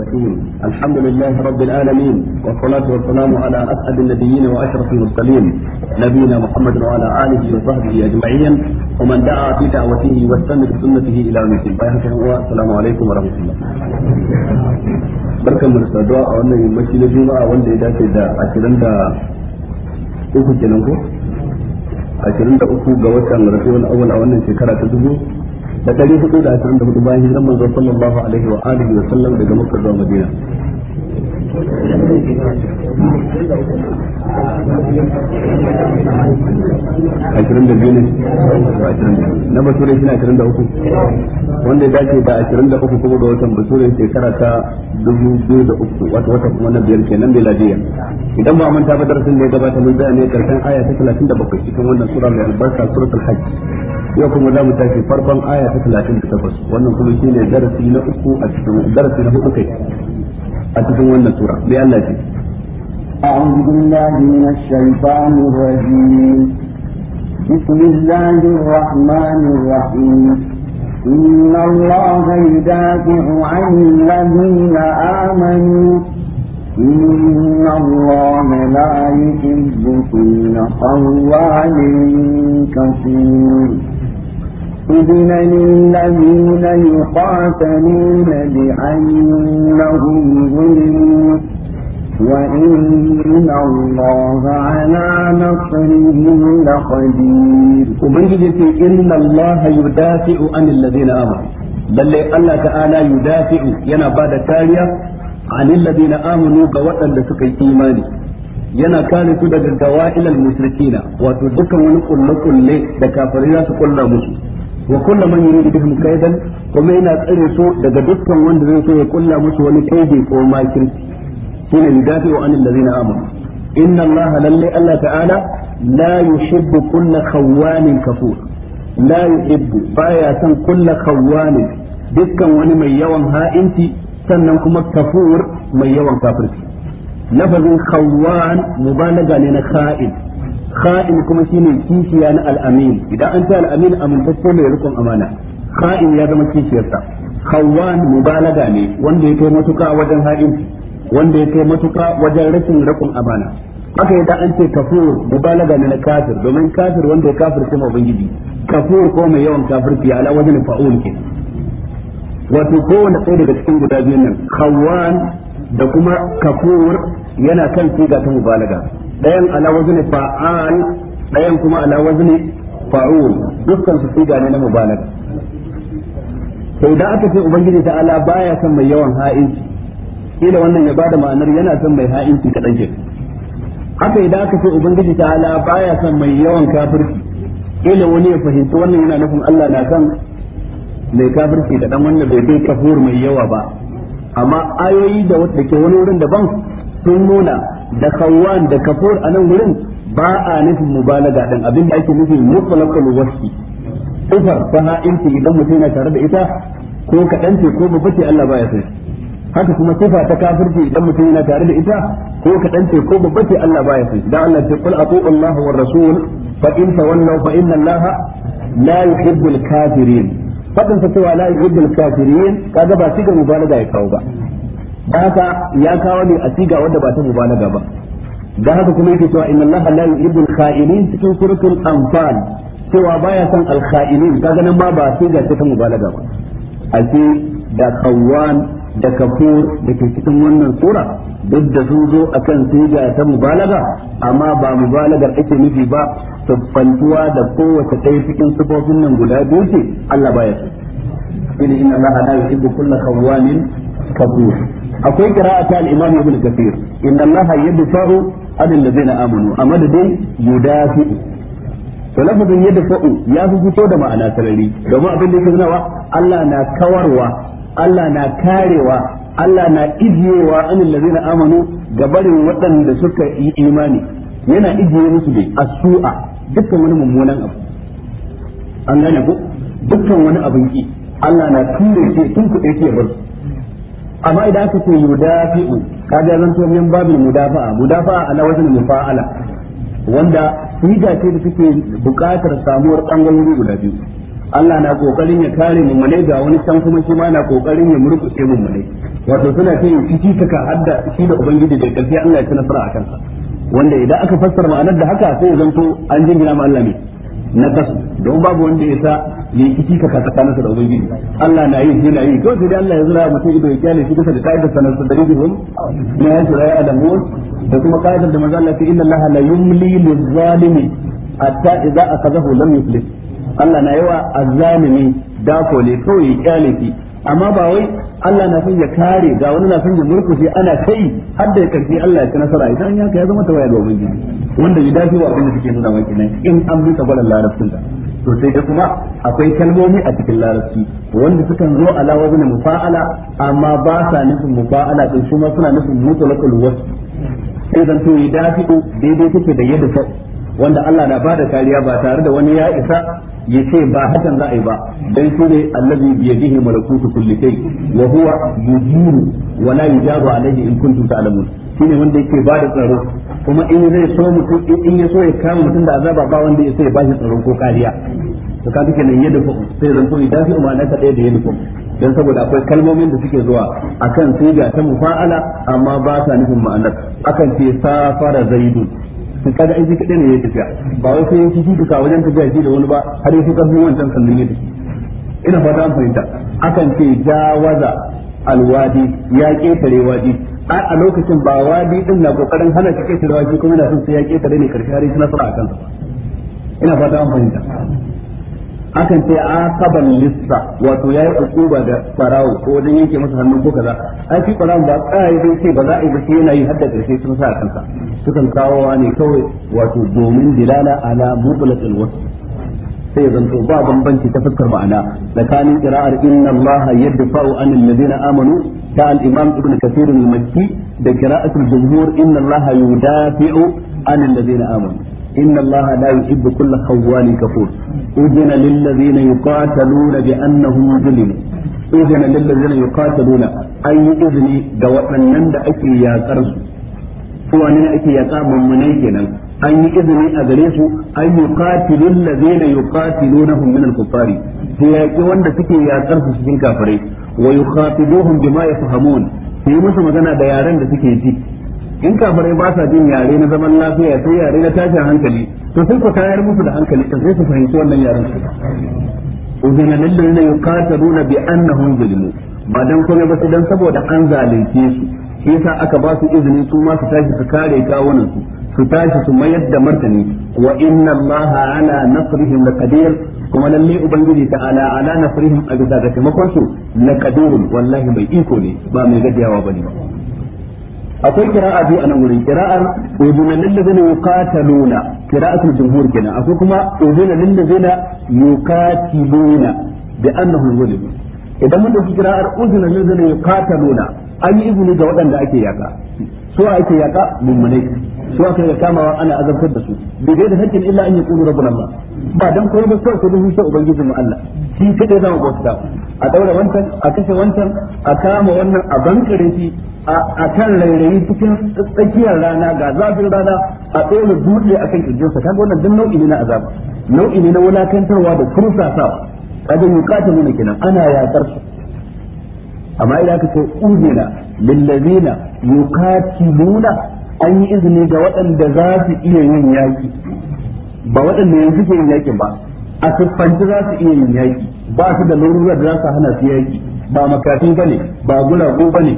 الرحيم الحمد لله رب العالمين والصلاة والسلام على أسعد النبيين وأشرف المرسلين نبينا محمد وعلى آله وصحبه أجمعين ومن دعا بدعوته واستنى بسنته إلى يوم الدين السلام عليكم ورحمة الله barkan mu da saduwa a wannan yammaci na juma'a wanda ya dace da 23 kenan ko 23 ga watan rabiul awwal a wannan shekara ta dubu da dari hudu da ashirin da hudu bayan hijiran manzo sallallahu alaihi wa alihi wa sallam daga makka zuwa madina ashirin da biyu ne na bature shi ashirin da uku wanda ya dace da ashirin da uku kuma ga watan bature shekara ta dubu biyu da uku wata wata kuma na biyar kenan miladiya idan ba manta ba darasin da ya gabata mun bayani karshen aya ta talatin da bakwai cikin wannan sura mai albarka suratul hajj yau kuma za mu tafi farkon aya ta talatin da takwas wannan kuma shi ne darasi na uku a cikin darasi na hudu kai a cikin wannan tura mai Allah ce أعوذ بالله من الشيطان الرجيم بسم الله الرحمن الرحيم إن الله يدافع عن الذين آمنوا إن الله لا يحب كل خوان كثير إذن للذين يقاتلون بأنهم ظلموا وإن الله على نصرهم لقدير وبنجد إن الله يدافع عن الذين آمنوا lalle Allah ta'ala yudafi'u yana ba da kariya anil ladina amanu ga waɗanda suka yi imani yana kare su daga gawa'ilal musrikina wato dukkan wani kulle-kulle da kafirai za su kulla musu wa kullu man yuridu bihim kaidan kuma yana tsare su daga dukkan wanda zai so ya kulla musu wani kaidi ko makirci shine yudafi'u anil ladzina amanu inna allaha lalle allah ta'ala la yuhibbu kulla khawanin kafur la yuhibbu baya san kulla khawanin dukkan wani mai yawan ha'inci sannan kuma kafur mai yawan kafirci lafazin khawan mubalaga ne na kha'in kha'in kuma shine kisiya na al idan an ce al-amin amintacce mai rikon amana kha'in ya zama kishiyarsa khawwan mubalaga ne wanda ya kai matuka wajen ha'in wanda ya kai matuka wajen rashin rikon amana haka idan an ce kafur mubalaga ne na kafir domin kafir wanda ya kafir kuma ubangiji kafur ko mai yawan kafirci ala wajen fa'ul ke wato kowane ɗaya daga cikin guda biyun nan khawwan da kuma kafur yana kan siga ta mubalaga ɗayan ala wazni fa’an ɗayan kuma ala wazni fa’un dukkan su siga ne na mubalag to idan aka ce ubangiji ta ala baya son mai yawan ha'inci kila wannan ya bada ma'anar yana son mai ha'inci kadan ke haka idan aka ce ubangiji ta ala baya son mai yawan kafirci kila wani ya fahimci wannan yana nufin Allah na son mai kafirci da ɗan wanda bai kai kafur mai yawa ba amma ayoyi da wata ke wani wurin daban sun nuna da kawwan da kafur a nan wurin ba a nufin mubalaga din abin da ake nufi mutlaqul wasfi kufar faha'inci idan mutum yana tare da ita ko kadan ce ko babba ce Allah baya san haka kuma sifa ta kafirci idan mutum yana tare da ita ko kadan ce ko babba ce Allah baya san dan Allah ce qul atu Allah wa rasul fa in tawallaw fa inna Allah la yuhibbul kafirin fadin sa cewa la yuhibbul kafirin kaga ba shi ga mubalaga ya kawo ba haka ya kawo ne a siga wanda ba ta mubalaga ba da haka kuma yake cewa inna allaha la yuhibbul kha'inin cikin suratul anfal cewa baya san al-kha'inin kaga nan ma ba siga ta mubalaga ba a ce da kawwan da kafur da ke cikin wannan sura duk da sun zo akan siga ta mubalaga amma ba mubalagar ake nufi ba tabbantuwa da kowace ɗaya cikin sifofin nan guda biyu ce Allah baya san inna allaha la yuhibbu kulla kawwanin kafur akwai qira'ata al-imam ibn kathir inna allaha yadfa'u an allazina amanu amma da dai yudafi'u to lafazin yadfa'u ya fi fito da ma'ana sarari domin abin da yake nunawa Allah na kawarwa Allah na karewa Allah na ijiyewa an allazina amanu ga barin waɗanda suka yi imani yana ijiye musu A su'a dukkan wani mummunan abu an gane ku dukkan wani abin ki Allah na ture shi tun kuɗe ke bar su amma idan aka ce yudafi'u kaga zan to min babin mudafa'a mudafa'a ala wajen mufa'ala wanda siga ce da take buƙatar samuwar bangarori guda biyu Allah na kokarin ya kare mu mune ga wani can kuma shi ma na kokarin ya murƙushe mu mune wato suna ce shi ka hadda shi da ubangiji da karfi Allah ya ci nasara a kansa wanda idan aka fassara ma'anar da haka sai zanto an jingina ma Allah ne na kasu don babu wanda ya sa ya yi da ubangiji Allah na yi yana yi kawai sai Allah ya zura mutum ido ya kyale shi da ka'idar sanar da dare dubun na ya da kuma ka'idar da manzo Allah ta inna Allah la yumli lil zalimi hatta idza lam yuflih Allah na yawa azzalimi dako ne kawai ya kyale shi amma ba wai Allah na son ya kare ga wani na son ya murkushe ana kai har da karfi Allah ya ci nasara idan yanka ya zama tawaya ga ubangiji wanda ya dace wa abin da suke nuna mai kenan in an bi tabaran larabcin da to sai da kuma akwai kalmomi a cikin larabci wanda sukan zo ala wazna mufa'ala amma ba sa nufin mufa'ala din su ma suna nufin mutlaqul wasf sai zan to ya dace daidai take da yadda wanda Allah na bada kariya ba tare da wani ya isa ya ba hakan za a yi ba dan su ne allazi biyadihi malakutu kulli shay wa huwa yujiru wa la yujaru alayhi in kuntum ta'lamun shine wanda yake ba da tsaro kuma in zai so mutum in ya so ya kama mutum da azaba ba wanda ya so ya bashi tsaro ko kariya to ka duke nan yadda sai zan to idan fi na ta da yadda dan saboda akwai kalmomin da suke zuwa akan sai ga ta mufa'ala amma ba sa nufin ma'anar akan ce safara zaidu in kaga aiki kadai ne ya tafiya ba wai sai yanki duka wajen tafiya shi da wani ba har yafi karfin wancan sannan ya tafi ina fata an fahimta akan ce jawaza alwadi ya ketare wadi a lokacin ba wadi din na kokarin hana shi ketare wadi kuma na son sai ya ketare ne karshe har yana fara kansa ina fata an fahimta akan ce aqaban lissa wato yayi ukuba da farawo ko wajen yanke masa hannu ko kaza ai shi farawo ba kai dai sai ba za a yi ba sai yana yi hadda karshe sun sa kansa sukan kawowa ne kawai wato domin dilala ala mublatil wasf sai zanto ba bambanci ta fuskar ma'ana tsakanin qira'ar inna allaha yadfa'u anil ladina amanu ta al-imam ibn kathir al-makki da qira'atul jumhur inna allaha yudafi'u anil ladina amanu إن الله لا يحب كل خوال كفور أذن للذين يقاتلون بأنهم ظلموا أذن للذين يقاتلون أي إذن دوأنن دا أكي يا كرسو هو أننا أكي يا كامن منيكنا أي إذن أغريسو أن يقاتلوا الذين يقاتلونهم من الكفار هي أكي وان دا تكي يا كرسو سجن كافرين ويخاطبوهم بما يفهمون في مسلم أنا دا يارن دا تكي in kafirai ba sa jin yare na zaman lafiya sai yare na tashin hankali to sai ku tayar musu da hankali kan sai su fahimci wannan yaren su uzina na yuqataluna bi annahum zulimu ba dan komai ba sai dan saboda an zalunce su shi yasa aka ba su izini su ma su tashi su kare kawunan su su tashi su mayar da martani wa inna allaha ala nasrihim laqadir kuma lalle ubangiji ta ala ala nasrihim a bisa ga taimakon su laqadir wallahi mai iko ne ba mai gajiyawa bane akwai kira'a biyu a nan wurin kira'ar udina lillazina yuqataluna kira'atul jumhur kenan akwai kuma udina lillazina yuqatiluna bi annahum zulimu idan mun dauki kira'ar udina kata yuqataluna an yi izini ga waɗanda ake yaka so ake yaka mummunai su aka yi kamawa ana azabtar da su bi da hakkin illa an yaqulu rabbuna Allah ba dan koyi ba kawai sai dai sai ubangijin mu Allah shi kadai zama bauta a daura wancan a kashe wancan a kama wannan a bankare shi a kan rairayi cikin tsakiyar rana ga zafin rana a tsere dutse akan kirjinsa kaga wannan duk nau'i ne na azaba nau'i ne na wulakantarwa da kursasawa kaga yuqatiluna kenan ana yakar su amma idan aka ce uzina lillazina yuqatiluna an yi izini ga waɗanda za su iya yin yaƙi, ba waɗanda yanzu ke yin yaƙi ba a siffanci za su iya yin yaƙi, ba su da larurar da za su hana su yaƙi, ba makafi ba ne ba gulago ba ne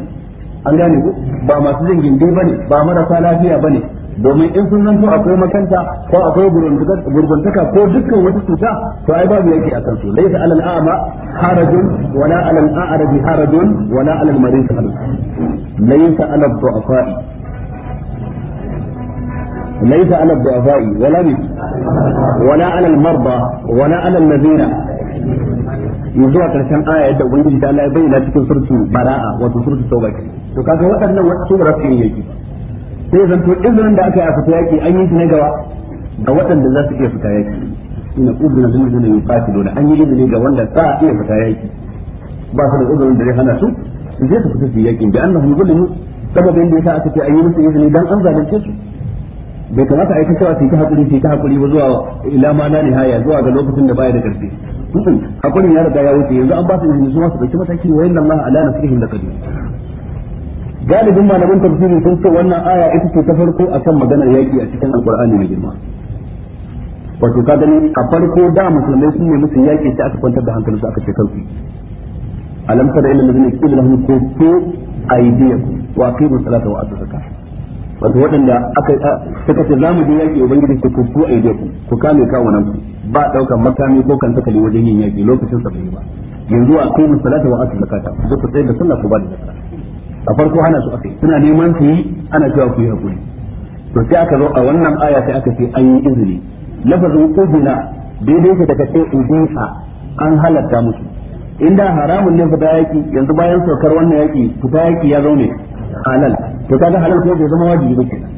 an gane ku ba masu jin gindi ba ne ba marasa lafiya ba ne domin in sun zanto akwai makanta ko akwai gurguntaka ko dukkan wata cuta to ai babu yake akan su laisa alal a'ma harajun wala alal a'rabi harajun wala alal marid harajun laisa alal du'afa'i ليس على الضعفاء ولا بي ولا على المرضى ولا على الذين يزوى كرشان آية da ubangiji da Allah ya bayyana cikin surtu bara'a wato surtu tauba to kaga waɗannan wasu rafi yake sai zan to izinin da aka yi a fita yaki an yi ne gawa ga waɗanda za su iya fita yaki ina udna zan zan yi fatido an yi izini ga wanda za iya fita yaki ba su da izinin da fita su dan an zalunce bai kamata a yi cewa su yi ta hakuri su yi ta hakuri ba zuwa ila ma na nihaya zuwa ga lokacin da baya da karfi hakurin ya riga ya wuce yanzu an ba su izini zuwa su dauki mataki wa inna Allah ala nasrihim laqadir galibin malaman tafsiri sun ce wannan aya ita ce ta farko akan maganar yaki a cikin alqur'ani mai girma wato ka gani a farko da musulmai sun ne musu yaki sai aka kwantar da hankalinsu aka ce kansu alam tara ila alladhina qila lahum kuffu aydiyakum wa aqimus salata wa atu zakata wato waɗanda aka suka ce zamu je yaki ubangiji ku a aide ku ku kame kawo nan ku ba daukan makami ko kan sakali wajen yin yaki lokacin sa bai ba yanzu a kai musallata wa aka zakata duk ku tsaya da sallah ku ba da zakata a farko ana su akai suna neman su yi ana cewa ku yi hakuri to sai aka zo a wannan aya sai aka ce an yi izini lafazin ubina daidai ka daga sai ubisa an halatta musu inda haramun ne fita yaki yanzu bayan saukar wannan yaki fita yaki ya zaune halal to kaga halal ko ya zama wajibi ba kenan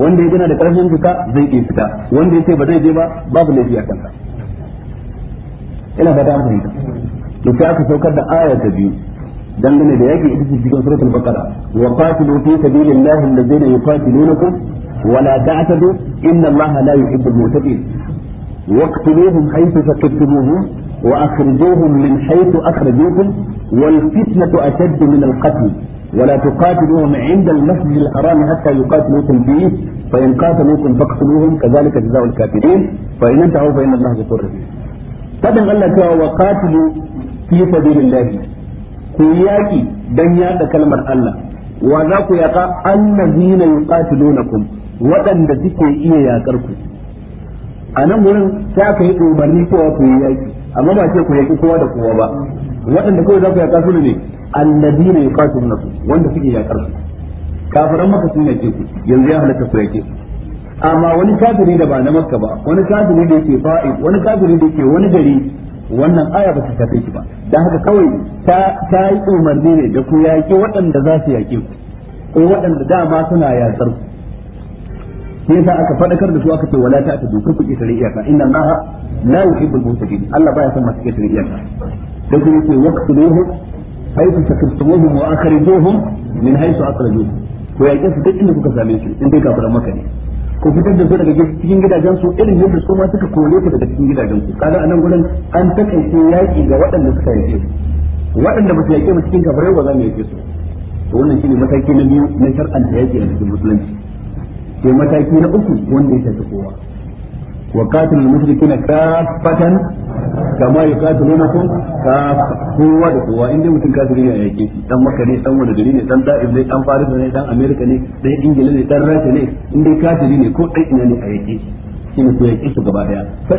wanda yana da karfin duka zai yi fita wanda ya ba zai je ba babu laifi a kansa ina da an fahimta to sai aka saukar da aya ta biyu dangane da yake ita ce cikin suratul baqara wa qatilu fi sabilillahi alladhina yuqatilunakum wa la ta'tadu inna allaha la yuhibbul mu'tadin واقتلوهم حيث ثقفتموهم وأخرجوهم من حيث أخرجوكم والفتنة أشد من القتل ولا تقاتلوهم عند المسجد الحرام حتى يقاتلوكم فيه فإن قاتلوكم فاقتلوهم كذلك جزاء الكافرين فإن انتهوا فإن الله غفور رحيم فدن الله تعالى وقاتلوا في سبيل الله كياكي دن ياك كلمة الله وذاك يقع الذين يقاتلونكم وأن تكي إيه يا كركم أنا مرن ساكي أمرني كوا كياكي أما ما تكي كوا دكوا بقى waɗanda kawai za ku yaƙa su ne alladina yuqatiluna wanda suke yaƙar su kafiran maka sun yaƙe ku yanzu ya halatta ku yaƙe su amma wani kafiri da ba na makka ba wani kafiri da yake fa'i wani kafiri da yake wani gari wannan aya ba ta shafe shi ba dan haka kawai ta yi umarni ne da ku yaƙi waɗanda za su yaƙe ku ko waɗanda dama suna yaƙar ku sai sa aka faɗakar da su aka ce wala ta ta dokar ku ƙetare iyaka inna allaha la yuhibbul mutaqin Allah baya son masu ƙetare iyaka sai kuma yake waqtuluhum haythu sakabtumuhum wa akhrijuhum min haythu akhrajuhum ko yake su duk inda kuka same in dai kafiran maka ne ko fitar da su daga cikin gidajen su irin yadda su ma kore ku daga cikin gidajen su kaga anan gurin an takaice yaki ga waɗanda suka yake su waɗanda ba su yake mu cikin kafirai ba za mu yake su to wannan shine mataki na biyu na a musulunci sai mataki na uku wanda ya shafi kowa وقاتلوا المشركين كافة كما يقاتلونكم كافة هو da kowa in dai mutum kafiri ne a yake shi dan makka ne dan wani gari ne dan da'ib ne dan faris ne dan america ne dan ingila ne dan rasha ne in dai ne ko dan ina ne a yake shi shine ko yake shi gaba daya fa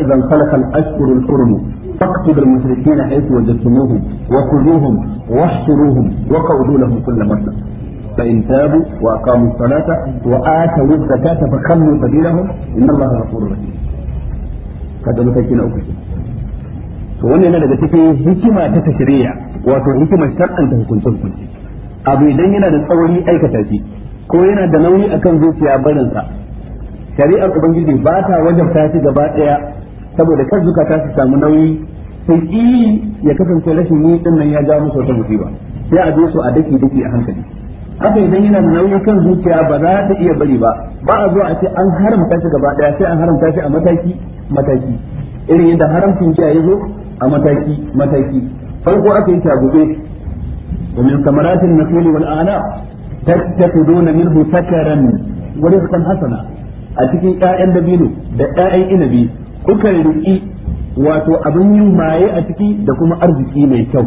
idan khalaqa فإن تابوا وأقاموا الصلاة وآتوا الزكاة فخلوا سبيلهم إن الله غفور رحيم kaga mataki na uku to wannan yana daga cikin hikima ta tashriya wato hikima ta shar'anta hukuncin hukunci abu idan yana da tsauri aikata shi ko yana da nauyi akan zuciya barinsa shari'ar ubangiji ba ta wajabta shi gaba daya saboda kar zukata su samu nauyi sai ya kasance rashin yi din nan ya ja musu wata musiba sai a je su a daki daki a hankali haka idan yana da nauyin kan zuciya ba za ta iya bari ba ba a zuwa a ce an haramta shi gaba daya sai an haramta shi a mataki mataki irin yadda haramcin kiya ya zo a mataki mataki farko aka yi tagube ta ثمرات النخيل والأعناب تتخذون منه wani ورزقا hasana a cikin ƴaƴan dabino da ƴaƴan inabi kuka riƙi wato abin yin maye a ciki da kuma arziki mai kyau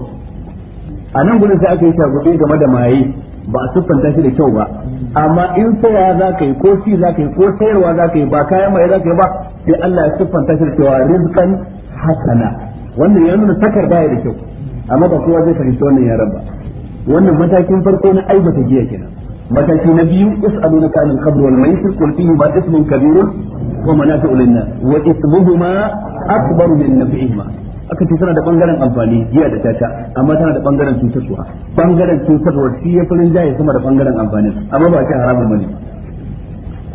a nan gudun sai aka yi shagube game da maye ba a siffanta shi da kyau ba amma in saya za ka yi ko ci za ka yi ko sayarwa za ka yi ba kayan mai za ka yi ba sai Allah ya siffanta shi da cewa rizqan hasana wannan ya nuna sakar baya da kyau amma ba kowa zai fahimci wannan yaran ba wannan matakin farko na aibata giya kenan mataki na biyu is'aluna kan al-khamr wal maisir qul fihi ma ismun kabirun wa manafi'u lin wa ithmuhuma akbar min naf'ihima aka ce tana da bangaren amfani giya da tata amma tana da bangaren cutarwa bangaren cutarwa shi ya farin jaye sama da bangaren amfani amma ba shi haramun mani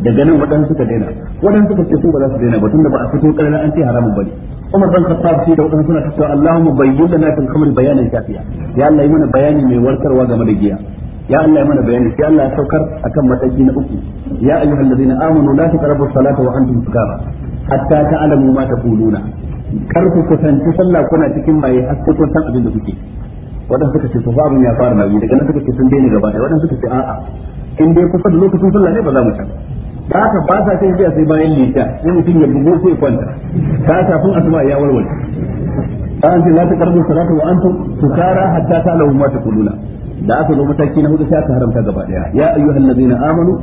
daga nan waɗansu suka daina waɗansu suka ce su ba za su daina ba da ba a fito ƙarfi an ce haramun bane Umar ban kasar sai da waɗansu suna cewa Allahumma bayyin lana fil khamr bayanan shafiya ya Allah yi mana bayani mai warkarwa game da giya ya Allah yi mana bayani Ya Allah ya saukar akan mataki na uku ya ayyuhallazina amanu la taqrabu salata wa antum sukara hatta ta'lamu ma taquluna kar ku kusanci sallah kuna cikin baye har ku san abin da kuke wadanda suka ce to fa abin ya fara nabi daga nan suka ce sun daina gaba ɗaya wadanda suka ce a'a in dai kusa da lokacin sallah ne ba za mu san ba haka ba sa sai biya sai bayan lita sai mutum ya bugo sai kwanta ta kafin asuba ya warware an ce la taqrabu salatu wa antum tukara hatta ta lahu ma kuluna. da aka zo mataki na hudu sai aka haramta gaba daya ya ayyuhal ladina amanu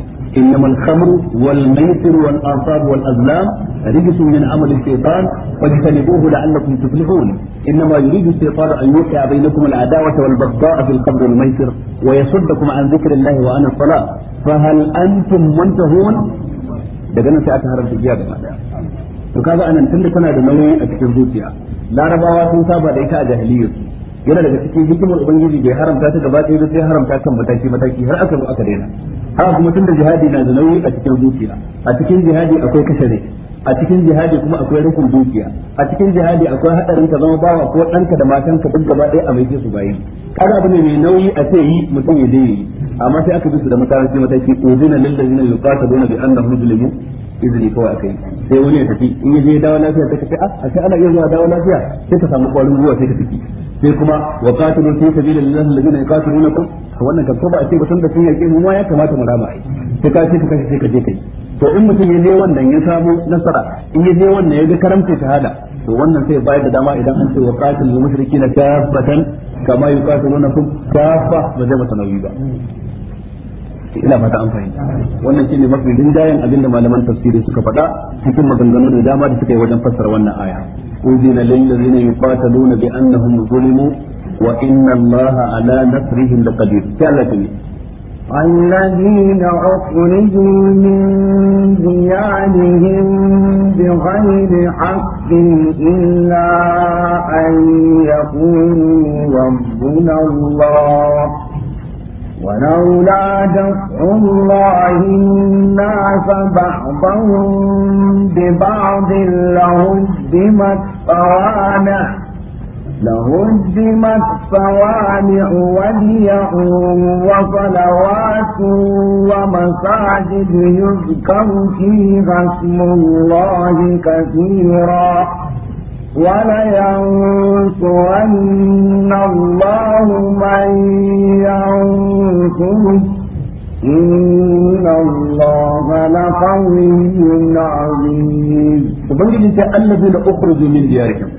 innamal khamru wal maisir wal ansab wal azlam rijsu min amali shaytan fajtanibuhu la'allakum tuflihun innama yuridu shaytanu an yuqi'a bainakum al adawata wal baghdha'a fil khamr wal maisir wa yasuddakum an dhikrillahi wa an salah fa antum muntahun daga nan sai aka haramta giya gaba daya to kaga anan tunda tana da nauyi a cikin zuciya larabawa sun saba da ita a jahiliyyarsu yana daga cikin hikimar ubangiji bai haramta ta gaba ɗaya sai haramta kan mataki mataki har aka aka daina haka kuma tunda jihadi na da nauyi a cikin zuciya a cikin jihadi akwai kashe a cikin jihadi kuma akwai rukun dukiya a cikin jihadi akwai hadarin ka zama bawa ko ɗanka da matanka duk gaba ɗaya a mai su bayi kaga abu ne mai nauyi a ce yi mutum ya daina yi amma sai aka bi su da mataki mataki udina lil ladina yuqataluna bi annahum zulimu izini kawai yi sai wani ya tafi in ya je dawo lafiya sai ka ce ah, a sai ana iya zuwa dawo lafiya sai ka samu kwarin gwiwa sai ka tafi sai kuma wa qatilu fi sabilillahi alladhina yuqatilunakum wannan kan ko ba a ce ba san da sun yake mu ma ya kamata mu rama ai sai ka ce ka kace ka je kai to in mutum ya je wannan ya samu nasara in ya je wannan ya ga karamci shahada to wannan sai bayar da dama idan an ce wa qatilu mushrikina kafatan kama yuqatilunakum kafa ba zai masa nauyi ba ina fata an fahimta wannan ne mafi rinjayen abin da malaman tafsiri suka faɗa cikin maganganu da dama da suka yi wajen fassara wannan aya uzina lil ladzina yuqataluna bi annahum zulimu wa inna allaha ala nasrihim laqadir kallati الذين أخرجوا من ديارهم بغير حق إلا أن يقولوا ربنا الله ولولا دفع الله الناس بعضهم ببعض لهدمت صوامع لهدمت صوامع وبيع وصلوات ومساجد يذكر فيها اسم الله كثيرا ولينصرن الله من ينصره إن الله لقوي عزيز ubangiji sai allazi na ukhruju min diyarikum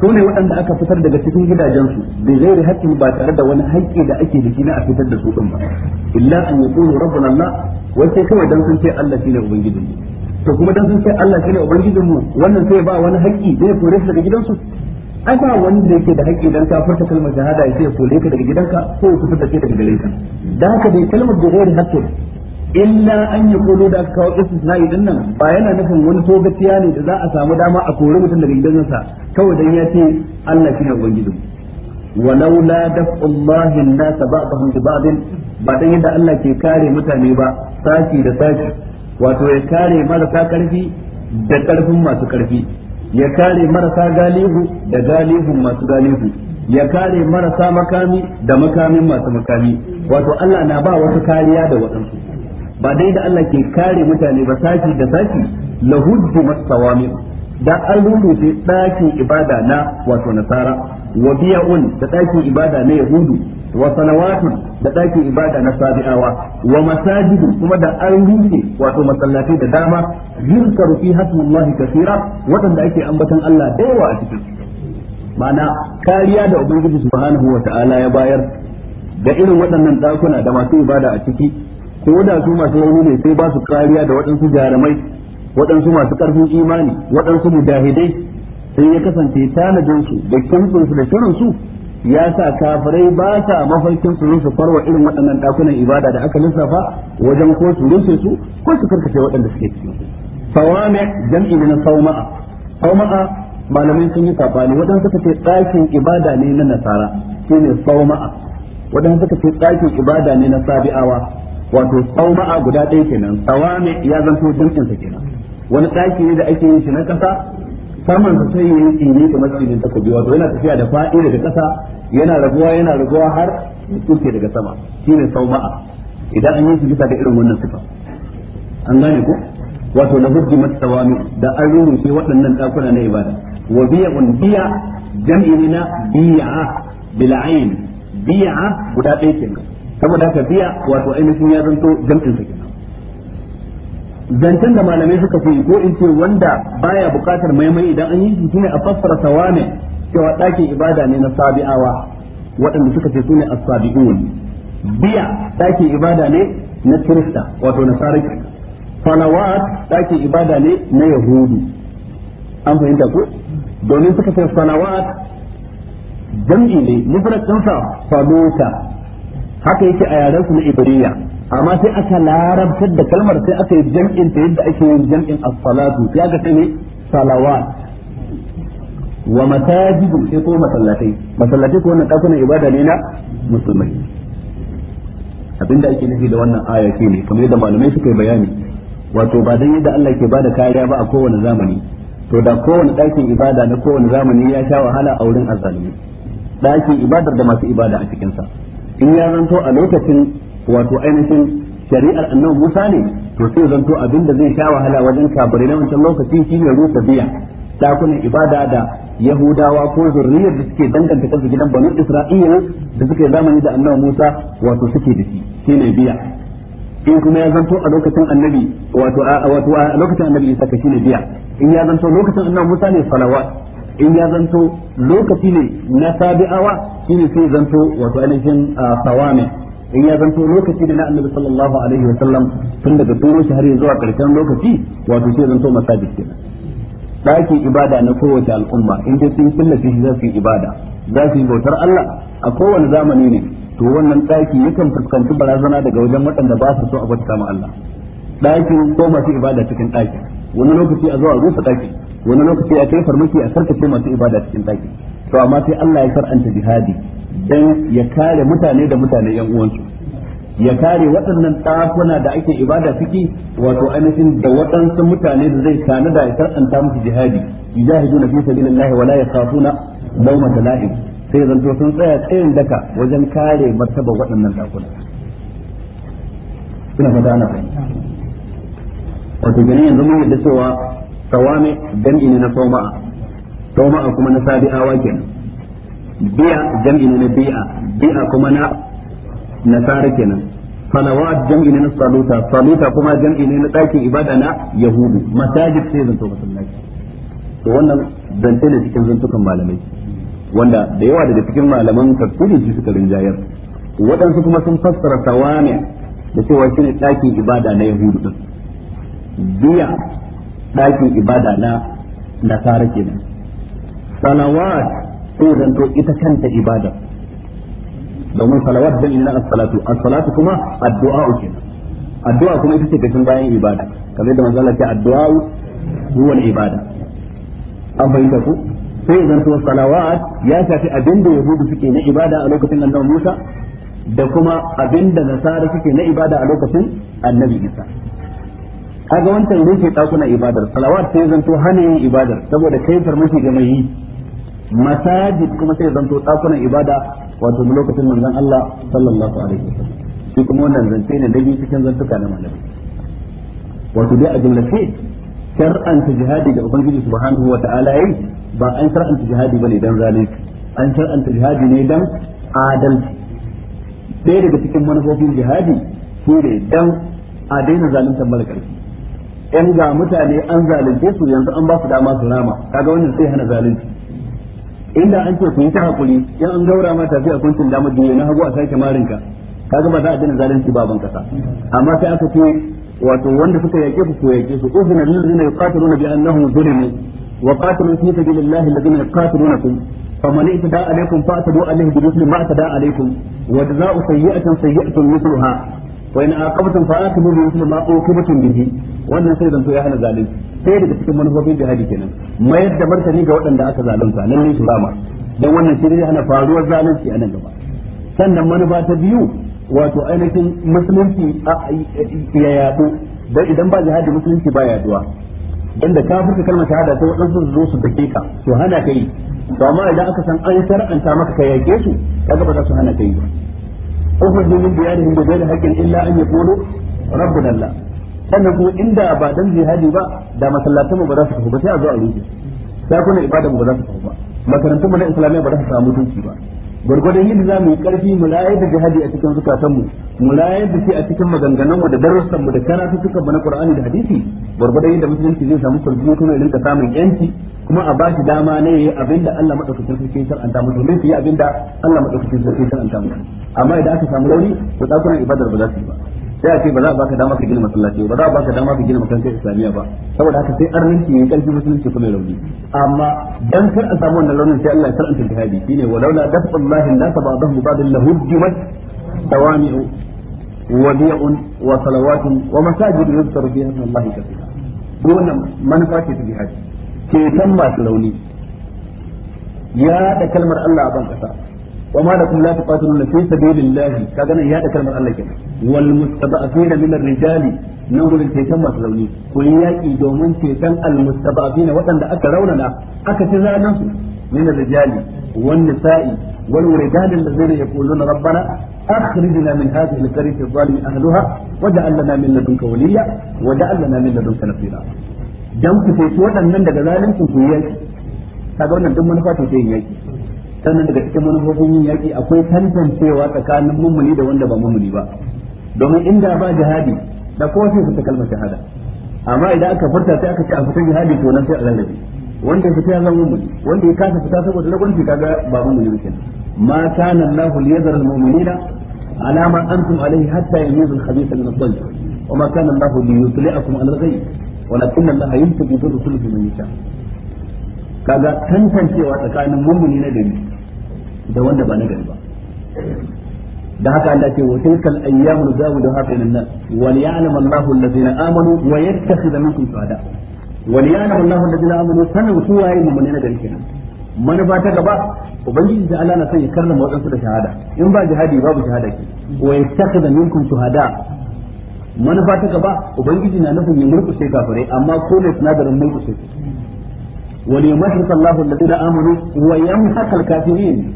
su ne waɗanda aka fitar daga cikin gidajensu da zai gairi haƙƙin ba tare da wani haƙƙi da ake da shi na a fitar da su ɗin ba illa an yaqulu rabu allah wai sai kawai dan sun ce allazi ne ubangijin to kuma dan sun sai Allah shine ubangijin mu wannan sai ba wani haƙƙi zai ya kore shi daga gidansu ai ba wanda yake da haƙƙi dan ka furta kalmar shahada ya ya kore ka daga gidanka ko ya fita daga gare dan haka dai kalmar da ghairi haqqin illa an yi kolo da aka kawo istisna'i din nan ba yana nufin wani togaciya ne da za a samu dama a kore mutum daga gidansa kawai dan ya ce Allah shine ubangijin mu ولولا دفع الله الناس بعضهم ببعض بعدين Allah ke kare mutane ba saki da saki wato ya kare marasa karfi da karfin masu karfi ya kare marasa galihu da galihun masu galihu ya kare marasa makami da makamin masu makami wato Allah na ba wasu kariya da waɗansu ba dai da Allah ke kare mutane ba sashi da sashi lahuddu masawami da an rubuce ɗakin ibada na wato nasara wa biya'un da ɗakin ibada na yahudu wa salawatun da ɗakin ibada na sabi'awa wa masajidu kuma da an rufe wato masallatai da dama yuzkaru fi hasbullahi kaseera waɗanda ake ambatan Allah da yawa a cikin ma'ana kariya da ubangiji subhanahu wa ta'ala ya bayar ga irin waɗannan ɗakuna da masu ibada a ciki ko da su masu rauni ne sai ba su kariya da waɗansu jarumai waɗansu masu ƙarfin imani waɗansu mujahidai sai ya kasance tanadin su da kimtsin su da shirin su ya sa kafirai ba sa mafarkin su su farwa irin waɗannan ɗakunan ibada da aka lissafa wajen ko su rufe su ko su karkace waɗanda suke cikin su sawami jam'i na sauma'a sauma'a malamai sun yi sabani waɗanda suka ce ɗakin ibada ne na nasara shine sauma'a waɗanda suka ce ɗakin ibada ne na sabi'awa wato sauma'a guda ɗaya kenan sawami ya zanto jam'in sa kenan wani ɗaki ne da ake yin shi na ƙasa saman sa sai yi tsini kamar tsinin takobi wato yana tafiya da fa'i daga ƙasa yana raguwa yana raguwa har ya daga sama shine sauma'a idan an yi shi bisa da irin wannan sifa an gane ko wato la hujjimat sawami da an rurrushe waɗannan ɗakuna na ibada wa biya un biya jam'i ne na bi'a bil ayn bi'a guda ɗaya kenan saboda haka biya wato ainihin ya zanto jam'in sa kenan zancen da malamai suka fi ko in ce wanda baya bukatar maimai idan an yi shi ne a fassara sawame cewa ɗakin ibada ne na sabi'awa waɗanda suka ce sune as-sabi'un biya ɗakin ibada ne na kirista wato na sarki salawat ɗakin ibada ne na yahudu an fahimta ko domin suka ce salawat jam'i ne mufrad ɗinsa saluta haka yake a su na ibriya amma sai aka larabtar da kalmar sai aka yi jam'in ta yadda ake yin jam'in as-salatu Ya aka ce salawat wa masajidu sai ko masallatai masallatai ko wannan dakunan ibada ne na musulmai abinda ake nufi da wannan aya ne kamar yadda malamai suka yi bayani wato ba dan yadda Allah ke bada kariya ba a kowane zamani to da kowane ɗakin ibada na kowane zamani ya sha wahala a wurin azzalumi ɗakin ibadar da masu ibada a cikinsa in ya zanto a lokacin wato ainihin shari'ar annabi Musa ne to sai zan abin abinda zai sha wahala wajen kafirai na wancan lokaci shine rusa biya dakunan ibada da Yahudawa ko zurriyar da suke danganta kansu gidan Banu Isra'ila da suke zamani da annabi Musa wato suke da shi shine biya in kuma ya zanto a lokacin annabi wato a wato a lokacin annabi Isa ka shine biya in ya zanto lokacin annabi Musa ne salawat in ya zanto lokaci ne na sabi'awa shine sai zanto wato ainihin ah, sawame in ya zanto lokaci da na annabi sallallahu alaihi wa sallam tun daga turo har har zuwa karshen lokaci wato sai zanto masajid kenan daki ibada na kowace al'umma in dai sun killace shi za su yi ibada za su yi bautar Allah a kowane zamani ne to wannan daki yakan fuskanci barazana daga wajen waɗanda ba su so a bauta ma Allah ɗakin ko masu ibada cikin daki wani lokaci a zuwa rufe daki wani lokaci a kai farmaki a sarkace masu ibada cikin daki to amma sai Allah ya faranta jihadi dan ya kare mutane da mutane yan uwansu ya kare waɗannan ɗakuna da ake ibada ciki wato ainihin da waɗansu mutane da zai tana da karanta musu jihadi yujahiduna fi sabilillahi wala yakhafuna lawma tala'ib sai zanto sun tsaya tsayin daka wajen kare martaba waɗannan ɗakuna ina fata ana fahimta wato gani yanzu mun yadda cewa sawami jam'i ne na sawma'a sawma'a kuma na sabi'awa kenan biya jam'i ne na bi'a bi'a kuma na nasara kenan salawat jam'i ne na saluta saluta kuma jam'i ne na ɗakin ibada na yahudu masajid sai zanto masallaci to wannan zance ne cikin zantukan malamai wanda da yawa daga cikin malaman tafsiri su suka rinjayar waɗansu kuma sun fassara sawami da cewa shine ɗakin ibada na yahudu din biya ɗakin ibada na nasara kenan salawat sai zanto ita kanta ibada domin salawat zan ina as-salatu as-salatu kuma addu'a kenan addu'a kuma ita ce gashin bayan ibada kamar da manzo Allah ya addu'a huwa ibada an bayyana ku sai zanto salawat ya shafi abin da yahudu suke na ibada a lokacin annabi Musa da kuma abin da nasara suke na ibada a lokacin annabi Isa kaga wancan rufe dakuna ibadar salawat sai zanto hana yin ibadar saboda kai farmaki ga mai yi masajid kuma sai zanto dakunan ibada wato lokacin manzon Allah sallallahu alaihi wasallam shi kuma wannan zance ne da cikin zantuka na malami wato dai a jumlace shar'anta jihadi da ubangiji subhanahu wata'ala yayi ba an shar'anta jihadi bane dan zalunci an shar'anta jihadi ne dan adalci ɗaya daga cikin manufofin jihadi shi ne dan a daina zaluntar mara ƙarfi in ga mutane an zalunce su yanzu an ba su dama su rama kaga wannan sai hana zalunci inda an ce ku yi ta hakuri in an gaura ma tafi a kuncin damar duniya na hagu a sake marinka kaga ba za a dina zalunci baban kasa amma sai aka ce wato wanda suka yake ku ko yake su uzna lil ladina yuqatiluna bi annahum zulimu wa qatilu fi sabilillahi alladhina yuqatilunakum فمن اعتدى عليكم فاعتدوا عليه بمثل ما اعتدى عليكم وجزاء سيئة سيئة مثلها wa in aqabtum fa aqimu bi mithli ma uqibtum bihi wannan sai zanto ya hana zalunci sai daga cikin manufofin jihadi kenan mayar da martani ga waɗanda aka zalunta nan ne shirama dan wannan shi zai hana faruwar zalunci a nan gaba sannan manufa ta biyu wato ainihin musulunci ya yaɗu dan idan ba jihadi musulunci ba yaduwa dan da kafirka kalmar shahada ta waɗansu su zo su dake ka to hana kai to amma idan aka san an shar'anta maka ka yake su kaga ba za su hana kai ba ukhrijū min diyārihim bi ghayri haqqin illa an yaqūlū rabbuna Allah sannan kuma inda ba dan jihadi ba da masallatan ba za su tafi ba sai a zo a rubuce sai kuna ibada ba za su tafi ba mu na islamiyya ba za su samu mutunci ba gwargwadon yadda za mu yi karfi mu layar da jihadi a cikin zukatanmu mu layar da shi a cikin maganganun da darussanmu da karatutukan suka bana qur'ani da hadisi gwargwadon da musulunci zai samu sarki kuma ya rinka samun yanci kuma a bashi dama ne yayi abinda Allah madaukakin sarki ya shar'anta mu domin su yi abinda Allah madaukakin sarki ya shar'anta mu amma idan aka samu rauni to dakunan ibadar ba za su yi ba sai a ce ba za a baka dama ka gina masallaci ba za a baka dama ka gina makarantar islamiyya ba saboda haka sai arnanci ne karfi musulunci kuma rauni amma dan kar a samu wannan raunin sai Allah ya saranta jihadi shine walaula dafallahi la tabadahu badal lahujjimat tawami'u wa bi'un wa salawatun wa masajid yuzkaru fiha Allah kathira duk wannan manufa ce ta jihadi ke kan masu rauni ya da kalmar Allah a ban kasa وما لكم لا تقاتلون في سبيل الله كذا يا كلمة الله كده والمستضعفين من الرجال نور الكيتم مسلوني وياكي دومن كيتم المستضعفين وطن دا أكا روننا أكا تزانا من الرجال والنساء والولدان الذين يقولون ربنا أخرجنا من هذه القرية الظالم أهلها واجعل لنا من لدنك وليا واجعل لنا من لدنك نصيرا dan ku sai waɗannan daga zalincin ku yaki kaga wannan duk manufa ce sai yaki sannan daga cikin manufofin yin yaƙi akwai tantancewa tsakanin mummuni da wanda ba mummuni ba domin inda ba jihadi da kowa sai fita kalmar shahada amma idan aka furta sai aka ce a fita jihadi to nan sai a lallabe wanda ya fita ya zama mummuni wanda ya kasa fita saboda ragwanci kaga ba mummuni ba kenan ma kana Allahu liyazara al-mu'minina على ما أنتم عليه حتى يميز الخبيث من الطيب وما كان الله ليطلعكم على الغيب ولكن الله يمسك برسله من يشاء kaga tantancewa tsakanin mummuni na gari da wanda ba na gari ba da haka Allah ce wa tilkal ayyamu nudawidu da bainan nan wa liya'lam Allahu allazina amanu wa yattakhidha minkum shuhada wa liya'lam Allahu allazina amanu sanin su waye mummuni na gari kenan manufa ta gaba ubangiji da Allah na son ya karrama wadansu da shahada in ba jihadi babu shahada ke wa yattakhidha minkum shuhada manufa ta gaba ubangiji na nufin ya murkushe kafirai amma ko ne sinadarin murkushe وليمحص الله الذين امنوا ويمحق الكافرين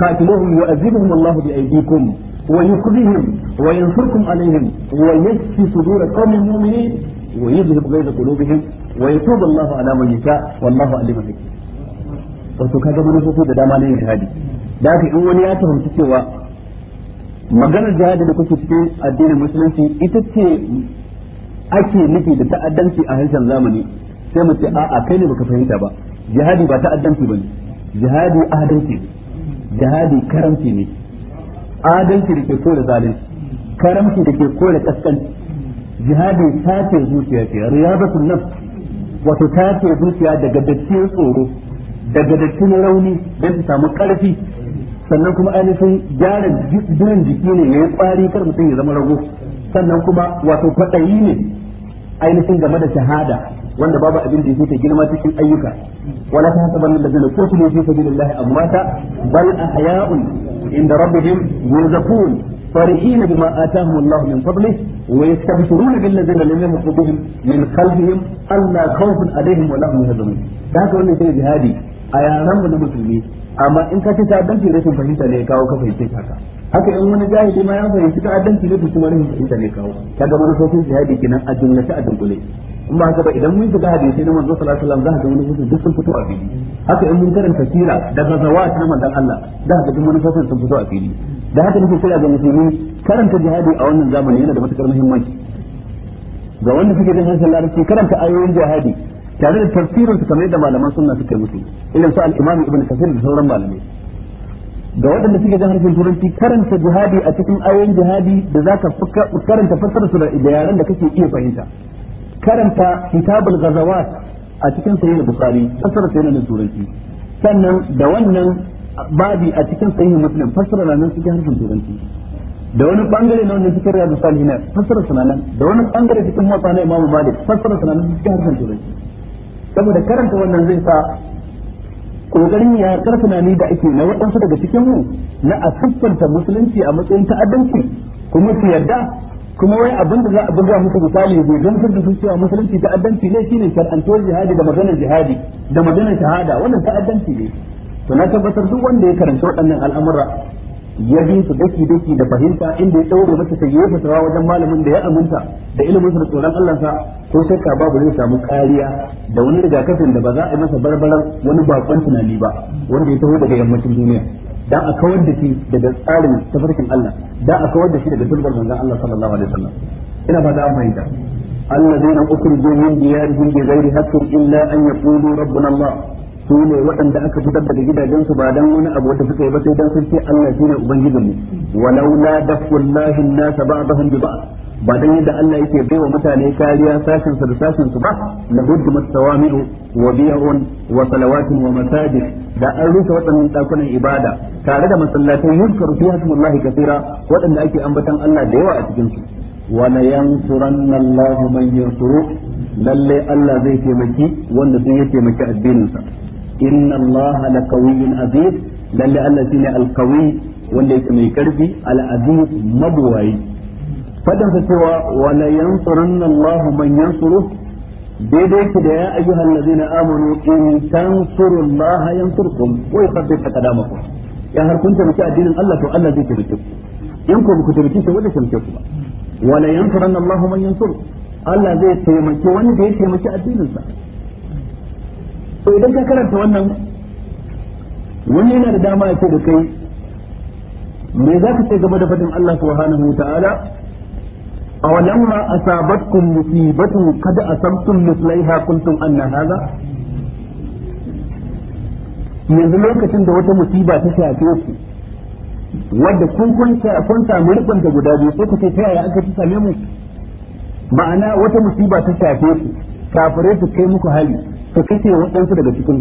قاتلوهم يؤذبهم الله بايديكم ويخزيهم وينصركم عليهم ويكفي صدور قوم مؤمنين ويذهب غيظ قلوبهم ويتوب الله على من يشاء والله عليم حكيم wato kaga manufofi da dama na yin jihadi da haka in wani ya fahimci cewa maganar jihadi da kuke cikin addinin musulunci ita ce ake nufi da ta'addanci a harshen zamani sai mu ce a'a kai ne baka fahimta ba jihadi ba ta'addanci bane jihadi adalci jihadi karamci ne adalci da ke kore zalunci karamci da ke kore kaskanci jihadi tace zuciya ce riyabatul nafs wato tace zuciya daga dattin tsoro daga dattin rauni don ta samu karfi sannan kuma ainihin gyara jirin jiki ne ya yi kwari kar mutum ya zama rago sannan kuma wato kwaɗayi ne ainihin game da shahada wanda babu abin da yake girma cikin ayyuka wala ta hasaban alladhi la kutilu fi sabilillahi amwata bal haya'un inda rabbihim yurzaqun farihin bima atahum Allah min fadli wa yastabshirun bil ladzina lam yakhudhum min qalbihim alla khawfun alaihim wa lahum yahzanun da haka wannan sai jihadi a yaran mu na musulmi amma in ka ci ta danci fi fahimta ne ya kawo ka fahimce ka haka in wani jahili ma ya fahimci ta'addanci ne to kuma in ta ne kawo kaga manufofin jihadi kenan a shi a dunkule in ba haka idan mun shiga hadisi na manzo sallallahu alaihi wasallam za ka ga manufofin duk sun fito a fili haka in mun karanta sira da gazawat na manzon Allah za ka ga duk manufofin sun fito a fili da haka nake kira ga musulmi karanta jihadi a wannan zamani yana da matukar muhimmanci ga wanda suke jin hankali larabci karanta ayoyin jihadi tare da tafsirin su kamar yadda malaman sunna suke mutu irin su al-Imam Ibn Kathir da sauran malamai ga waɗanda suke jin harshen turanci karanta jihadi a cikin ayoyin jihadi da za zaka karanta fassara su da yaren da kake iya fahimta karanta kitabul ghazawat a cikin sahih bukhari fassara sai na turanci sannan da wannan babi a cikin sahih muslim fassara na nan cikin harshen turanci da wani bangare na wannan cikin riyadu salihin fassara sunanan da wani bangare cikin mota na imamu malik fassara sunanan cikin harshen turanci saboda karanta wannan zai sa kokarin ya kar tunani da ake na waɗansu daga cikin mu na a siffanta musulunci a matsayin ta'addanci kuma su yarda kuma wai abin da za a buga musu misali bai gamsar da su cewa musulunci ta'addanci ne shine shar'antuwar jihadi da maganar jihadi da maganar shahada wannan ta'addanci ne to na tabbatar duk wanda ya karanta waɗannan al'amura ya bi su daki daki da fahimta inda ya daure masa sai ya fitawa wajen malamin da ya aminta da ilimin sa da tsoron Allah sa ko sai ka babu zai samu kariya da wani rigakafin da ba za a yi masa barbaran wani bakon tunani ba wanda ya taho daga yammacin duniya dan a kawar da shi daga tsarin tafarkin Allah dan a kawar da shi daga sulbar manzon Allah sallallahu alaihi wasallam ina fata an fahimta الذين أخرجوا من ديارهم بغير حق إلا أن يقولوا ربنا الله su ne waɗanda aka fitar daga gidajensu ba dan wani abu da suka yi ba sai dan sun ce Allah shine ubangijin mu walau la dafqullahi ba'dahum bi ba'd ba dan yadda Allah yake baiwa mutane kariya sashin su da sashin su ba la buddu mutawami'u wa bi'un wa salawatun wa masajid da an rufe waɗannan dakunan ibada tare da masallatai yuzkaru fiha ismullahi kaseera waɗanda ake ambatan Allah da yawa a cikin su wa la yansuranna man yansuru lalle Allah zai taimaki wanda sun ya taimaki addininsa inna allaha laqawiyyun aziz lalle Allah shine alqawi wanda yake mai karfi al-aziz mabuwayi fadan sa cewa wa la yansuranna allahu man yansuru daidai ki da ya ayyuhal ladina amanu in tansuru allaha yansurkum wa yuthabbit aqdamakum ya har kun tabbata addinin Allah to Allah zai tabbata ku in ku ku tabbata shi wanda tabbata ku ba wa la yansuranna Allah zai taimaki wanda ya taimaki addinin sa to idan ka karanta wannan wani yana da dama ya ce da kai me za ka ce game da fadin Allah subhanahu ta'ala a wannan ma asabatkum musibatu kada asabtum mislaiha kuntum anna hadha yanzu lokacin da wata musiba ta shafe ku wadda kun kun samu rikonta guda biyu sai ku ce ta yaya aka ci same mu ma'ana wata musiba ta shafe ku kafirai su kai muku hali su kashe waɗansu daga cikin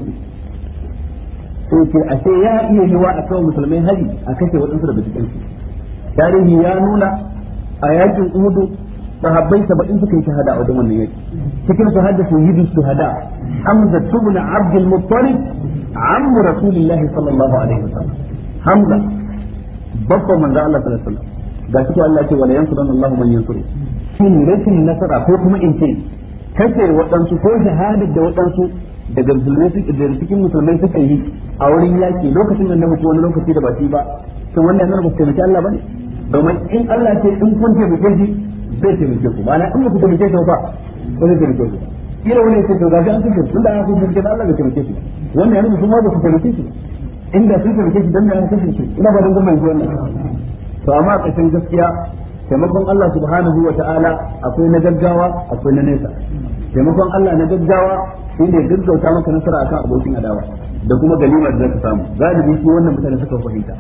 su sai ce ashe ya iya yiwa a kawo musulmai hari a kashe waɗansu daga cikin su tarihi ya nuna a yakin uhudu sahabbai saba'in suka yi shahada a wajen wannan yaki cikin su hadda su yidu shuhada hamza tubna abdul muttalib ammu rasulillahi sallallahu alaihi wasallam hamza babban manzo Allah sallallahu alaihi wasallam ga shi Allah ce wala yansuranallahu man yansuru shin rashin nasara ko kuma in ce kashe waɗansu ko shahadar da waɗansu daga musulmai cikin musulmai suka yi a wurin yaƙi lokacin da na mutu wani lokaci da ba shi ba to wannan yana ba su taimaki Allah ba domin in Allah ce in kun taimake shi zai taimake ku ma'ana in ku taimake ta ba ba zai taimake ku ira wani sai to gashi an tafi tunda an kun taimake Allah bai taimake shi wannan yana musulma ba su taimake shi inda sun taimake shi dan da an shi ina ba dan mai yanzu wannan to amma a ƙarshen gaskiya taimakon Allah subhanahu wa ta'ala akwai na gaggawa akwai na nesa taimakon Allah na gaggawa ne gaggauta maka nasara akan abokin adawa da kuma ganima da zaka samu galibi shi wannan mutane suka fahimta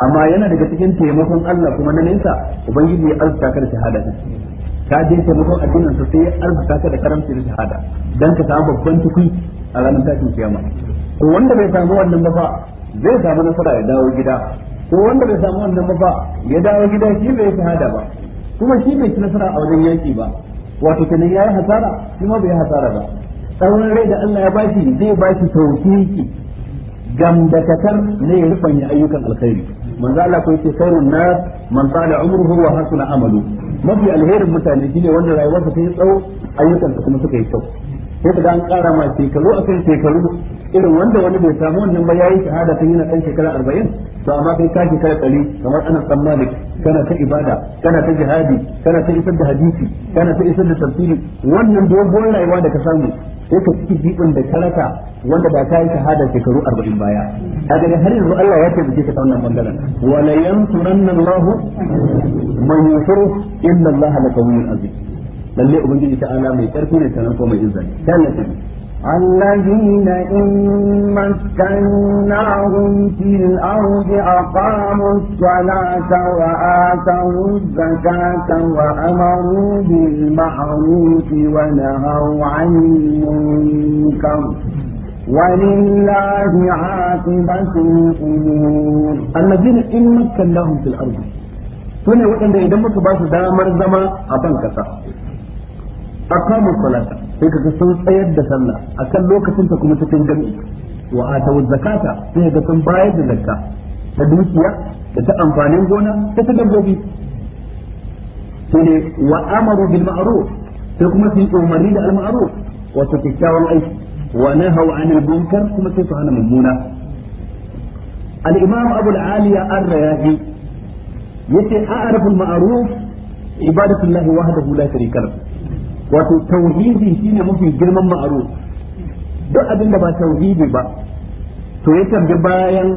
amma yana daga cikin taimakon Allah kuma na nesa ubangiji ya arzuta ka da shahada ka je taimakon addinin sa sai ya arzuta ka da karamci da shahada dan ka samu babban tukui a ranar tashin kiyama ko wanda bai samu wannan ba zai samu nasara ya dawo gida ko wanda bai samu wannan ba ya dawo gida shi bai shahada ba kuma shi bai ci nasara a wajen yaki ba wato kenan yi hasara shi ma bai hasara ba tsawon rai da Allah ya bashi zai bashi tawfiki gamdakatar ne ya rufanya ayyukan alkhairi manzo Allah ko yace khairun nas man tala umruhu wa hasuna amalu mafi alherin mutane shine wanda rayuwarsa ta yi tsawo ayyukan kuma suka yi kyau sai ka ga an kara ma shekaru akan shekaru irin wanda wani bai samu wannan ba yayi shahada tun yana dan shekara arba'in to amma kai ka shekara ɗari kamar ana san malik kana ta ibada kana ta jihadi kana ta isar da hadisi kana ta isar da tafsiri wannan dogon rayuwa da ka samu sai ka ciki jibin da karata wanda ba ta yi shahada shekaru arba'in baya a daga har yanzu Allah ya taimake ka ta wannan bangaren wa la yansuranna Allah man yusuru inna Allah la qawiyyun aziz lalle ubangiji ta mai karfi ne sanan ko mai izza ta الذين إن مكناهم في الأرض أقاموا الصلاة وآتوا الزكاة وأمروا بالمعروف ونهوا عن المنكر ولله عاقبة الأمور الذين إن مكناهم في الأرض sune waɗanda idan muka ba su damar zama a ban kasa aqamu salata sai kaga sun tsayar da sallah akan lokacin ta kuma cikin gami wa atawu zakata sai kaga sun bayar da zakka ta dukiya da ta amfanin gona ta ta dabbobi sai ne wa amaru bil ma'ruf sai kuma su yi umarni da al ma'ruf wato kyakkyawar aiki wa nahaw anil munkar kuma sai su hana mummuna al imam abul aliya ar-rayahi yace a'raful ma'ruf ibadatullahi wahdahu la sharika lahu wato tauhidi shine mafi girman ma'aru duk abin da ba tauhidi ba to ya tambi bayan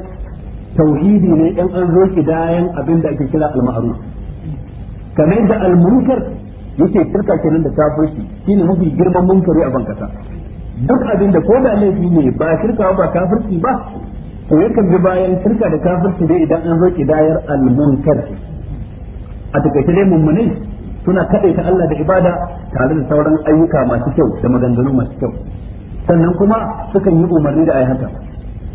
tauhidi ne in an zo dayan abin da ake kira al-ma'ruf kamar yadda al-munkar yake shirka kenan da kafirci shine mafi girman munkari a bankasa duk abin da ko da laifi ne ba shirka ba kafirci ba to yakan bi bayan shirka da kafirci dai idan an zo dayar al-munkar a takaice dai mummunai suna ta Allah da ibada tare da sauran ayyuka masu kyau da maganganu masu kyau sannan kuma sukan yi umarni da ayi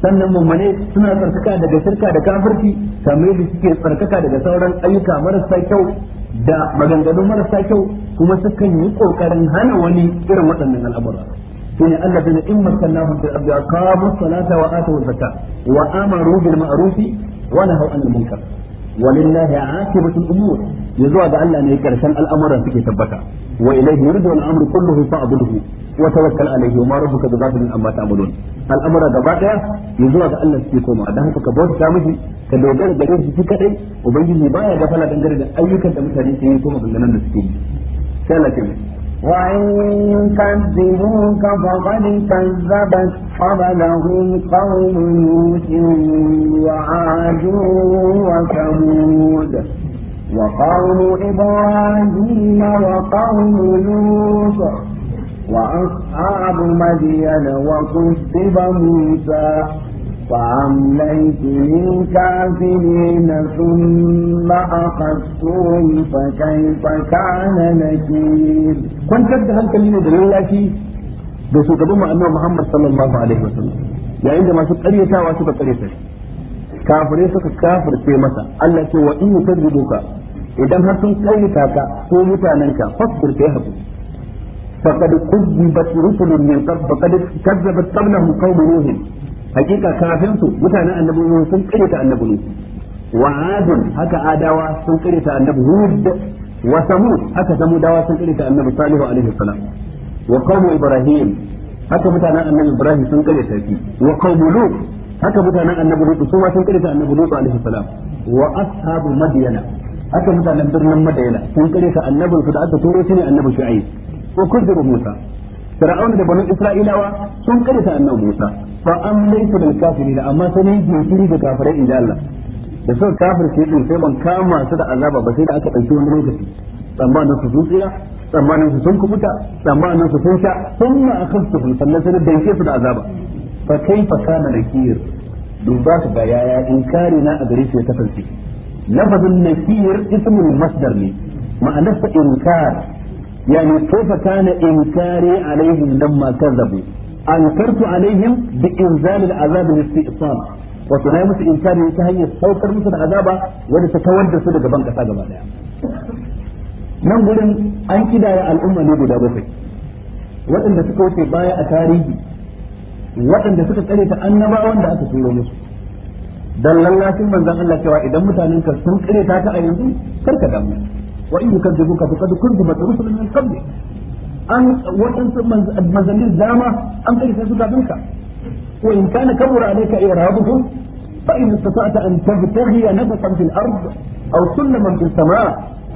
sannan mummane suna tsarkaka daga shirka da kafirci kamar da suke tsarkaka daga sauran ayyuka marasa kyau da maganganu marasa kyau kuma sukan yi kokarin hana wani irin waɗannan al'amura shine Allah da in masallahu bil abdi aqamu salata wa atu zakata wa amaru bil ma'arufi wa nahaw anil munkar walillahi aqibatul umur yanzu ga Allah ne karshen al'amuran suke tabbata wa ilayhi yurdu al-amru kulluhu fa'budhu wa tawakkal alayhi wa ma rabbuka bighafilin amma ta'malun al'amura gaba daya yanzu ga Allah suke koma dan haka ka bauta miji ka dogara gare shi shi kadai ubangiji baya ayyukan da mutane da suke yi وإن كذبوك فقد كذبت قبلهم قوم نوح وعاد وثمود وقوم إبراهيم وقوم لوط وأصحاب مدين وكذب موسى فأمليت للكافرين ثم أخذتهم فكيف كان نكير كنت أبدا هم كلمة دليل da shugaban mu annabi Muhammad sallallahu alaihi wasallam yayin da masu ƙaryatawa suka ƙaryata kafirai suka kafirce masa Allah ce wa in yukadzibuka idan har sun ƙaryata ka ko mutanenka fasbir kai hakuri faqad kuzzibat rusulun min qabl faqad kazzabat qablahum qaum hakika kafin su mutanen annabi Nuhu sun kirita annabi Nuhu wa adun haka adawa sun kirita annabi Hud wa samud haka samudawa sun kirita annabi Salihu alaihi salam wa qaumu Ibrahim haka mutanen annabi Ibrahim sun kirita shi wa qaumu Lut haka mutanen annabi Lut su ma sun kirita annabi Lut alaihi salam wa ashabu Madyana haka mutanen birnin Madyana sun kirita annabin su da aka turo shi ne annabi Shu'aib wa kudur Musa فرعون da banin Isra'ilawa sun karanta annabi Musa fa amlaytu lil kafirin amma sai ne jinkiri da kafirai in Allah da suka kafir sai din sai ban kama su da azaba ba sai da aka dauki wani lokaci tsammanin su sun tsira tsammanin su sun kubuta tsammanin su sun sha thumma akhadtu fil sallati da danke su da azaba fa kaifa kana nakir duba su ga yaya inkari na a gare su ya kasance lafazin nakir ismul masdar ne ma'anarsa inkar يعني كيف كان إنكاري عليهم لما كذبوا أنكرت عليهم بإنزال العذاب الاستئصال wato na yi musu inkari ta hanyar saukar musu da azaba wanda ta kawar da su daga ban kasa gaba daya nan gurin an kidaya al'umma ne guda bakwai waɗanda suka wuce baya a tarihi waɗanda suka tsare ta annabawan da aka turo musu dan lallacin manzon Allah cewa idan mutane ka sun tsare ta ta a yanzu kar ka damu wa in yukazzibuka faqad kunzibat rusulun min qablik an waɗansu manzannin dama an kai sai su gabin ka in kana kabura alayka iraduhum fa in istata'ta an tabtaghi nafsan fil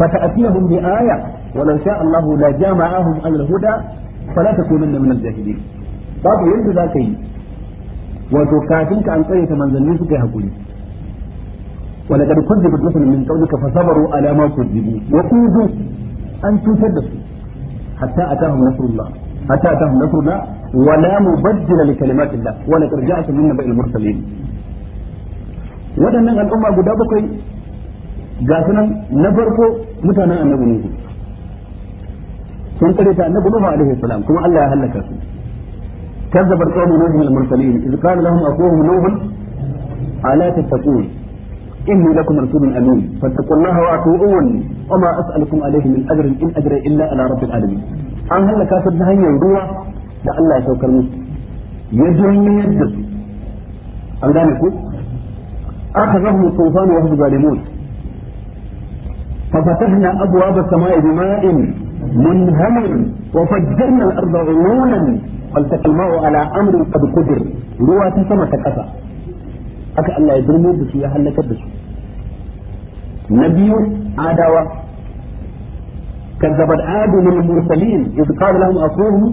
فتأتيهم بآية ولو شاء الله لجمعهم على الهدى فلا تكونن من الجاهلين babu yadda za ka yi wato kafin ka an ta manzanni suka yi hakuri ولقد كذبت رسل من قبلك فصبروا على ما كذبوا وقودوا أن تشد حتى أتاهم نصر الله حتى أتاهم نصر الله ولا مبدل لكلمات الله ولقد جاءت من نبأ المرسلين waɗannan al'umma guda bakwai ga sunan na farko mutanen annabi ne sun kare ta annabi Nuhu alaihi salam kuma Allah ya halaka su kazzabar qawmu Nuhu al-mursalin iz qala lahum aquhum Nuhu ala tattaqun إني لكم رسول أمين فاتقوا الله وأطيعوني وما أسألكم عليه من أجر إن أجر إلا على رب العالمين أن هل كافر ده هي يدوى ده الله يتوكر منه يجري من يجر أم ذلك أخذهم الطوفان وهم ظالمون ففتحنا أبواب السماء بماء منهمر وفجرنا الأرض عيونا فالتقى الماء على أمر قد قدر رواة سمك كسا haka Allah ya durmo da su ya halakar da su na biyu adawa كذبت عاد المرسلين إذ قال لهم أخوهم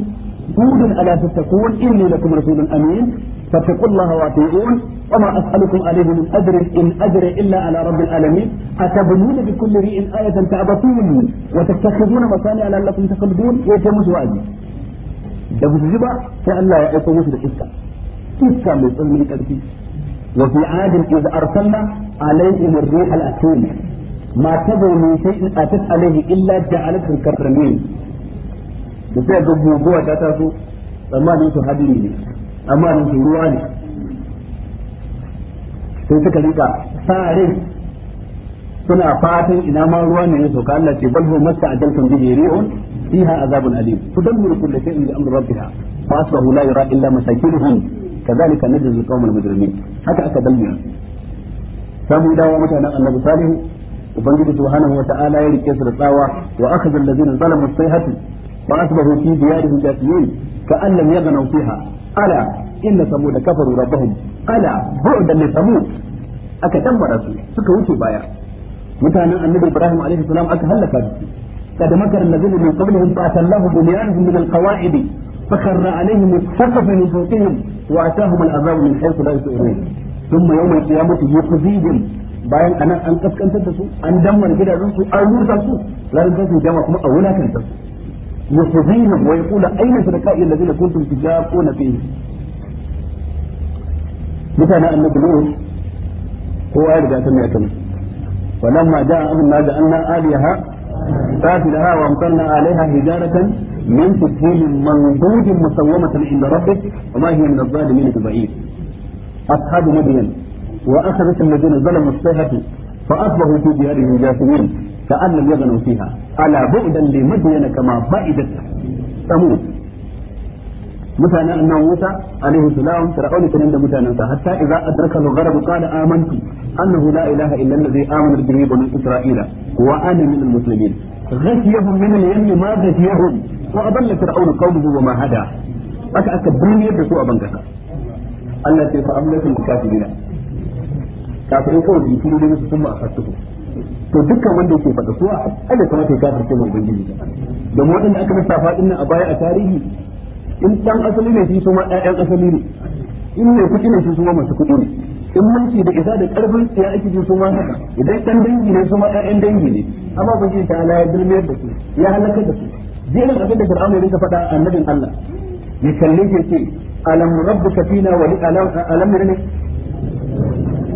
هود ألا تتقون إني لكم رسول أمين فاتقوا الله وأطيعون وما أسألكم عليه من أجر إن اجر إلا على رب العالمين أتبنون بكل ريء آية تعبثون وتتخذون مصانع لعلكم تخلدون يتمس وأجل da ba su ji ba sai Allah ya aiko musu da iska وفي عاد إذ أرسلنا عليهم الريح الأسيل ما تبوا من شيء أتت عليه إلا جعلته الكرمين بسيء ضبوا بوا تاتاسو أما نيسو هديني أما نيسو رواني sai suka rika sa rai suna fatan ina ma ruwa ne ya soka Allah ce balhu masta ajaltum bihi ri'un fiha azabun alim tudammiru kulli shay'in bi amri rabbiha fa illa kazalika najzul qawmal mujrimin haka aka dalmi samu dawo mutanen annabi salihu ubangiji subhanahu wa ta'ala ya rike su da tsawa wa akhadha alladhina zalamu sayhatu fa asbahu fi diyarihim jathiyin ka'an lam yaghnaw fiha kafar inna samud kafaru rabbahum ala bu'dan li samud aka tambara su suka wuce baya mutane annabi ibrahim alaihi aka halaka su قد مكر الذين من قبلهم فأتى الله بنيانهم من القواعد فخر عليهم السقف من فوقهم واتاهم العذاب من حيث لا يشعرون ثم يوم القيامه يخزيهم bayan ana an kaskantar da su an damar gidajen su an rusa su ranar da su jama kuma a wulakantar su yusuzihim wa yaqulu ayna shuraka'i alladhina kuntum tujaquna fihi mutanen annabi nuhu kowa ya riga ta mai kan falamma ja'a amruna da anna aliyaha سافلها وامطرنا عليها حجارة من سجيل منضود مسومة عند ربك وما هي من الظالمين ببعيد أصحاب مدين وأخذت الذين ظلموا الصيحة فأصبحوا في ديارهم جاثمين كأن لم يغنوا فيها ألا بعدا لمدين كما بعدت ثمود mutanen annan Musa alaihi salam fir'aun kenan da mutanensa hatta idza adraka al-gharab qala amantu أنه لا إله إلا الذي آمن به بني إسرائيل وأنا من المسلمين غشيهم من اليم ما غشيهم وأضل فرعون قومه وما هدى أكا أكا بني بسوء التي فأملكم الكافرين kafirai kawai da yake dole musu sun a to dukkan wanda yake fada suwa ai da kamata ya kafirce mun ubangiji da mu wadanda aka lissafa din a baya a tarihi in dan asali ne shi su ma ɗayan asali ne in ne kuɗi ne shi su masu kuɗi ne in mulki da isa da karfin ya ake ji su ma haka idan dan dangi ne su ma ƴaƴan dangi ne amma ba shi ta ya dulmiyar da su ya halaka da su jerin abin da Fir'aun ya rika faɗa annabin Allah ya kalle shi ce alam rabbuka fina wa alam alam ne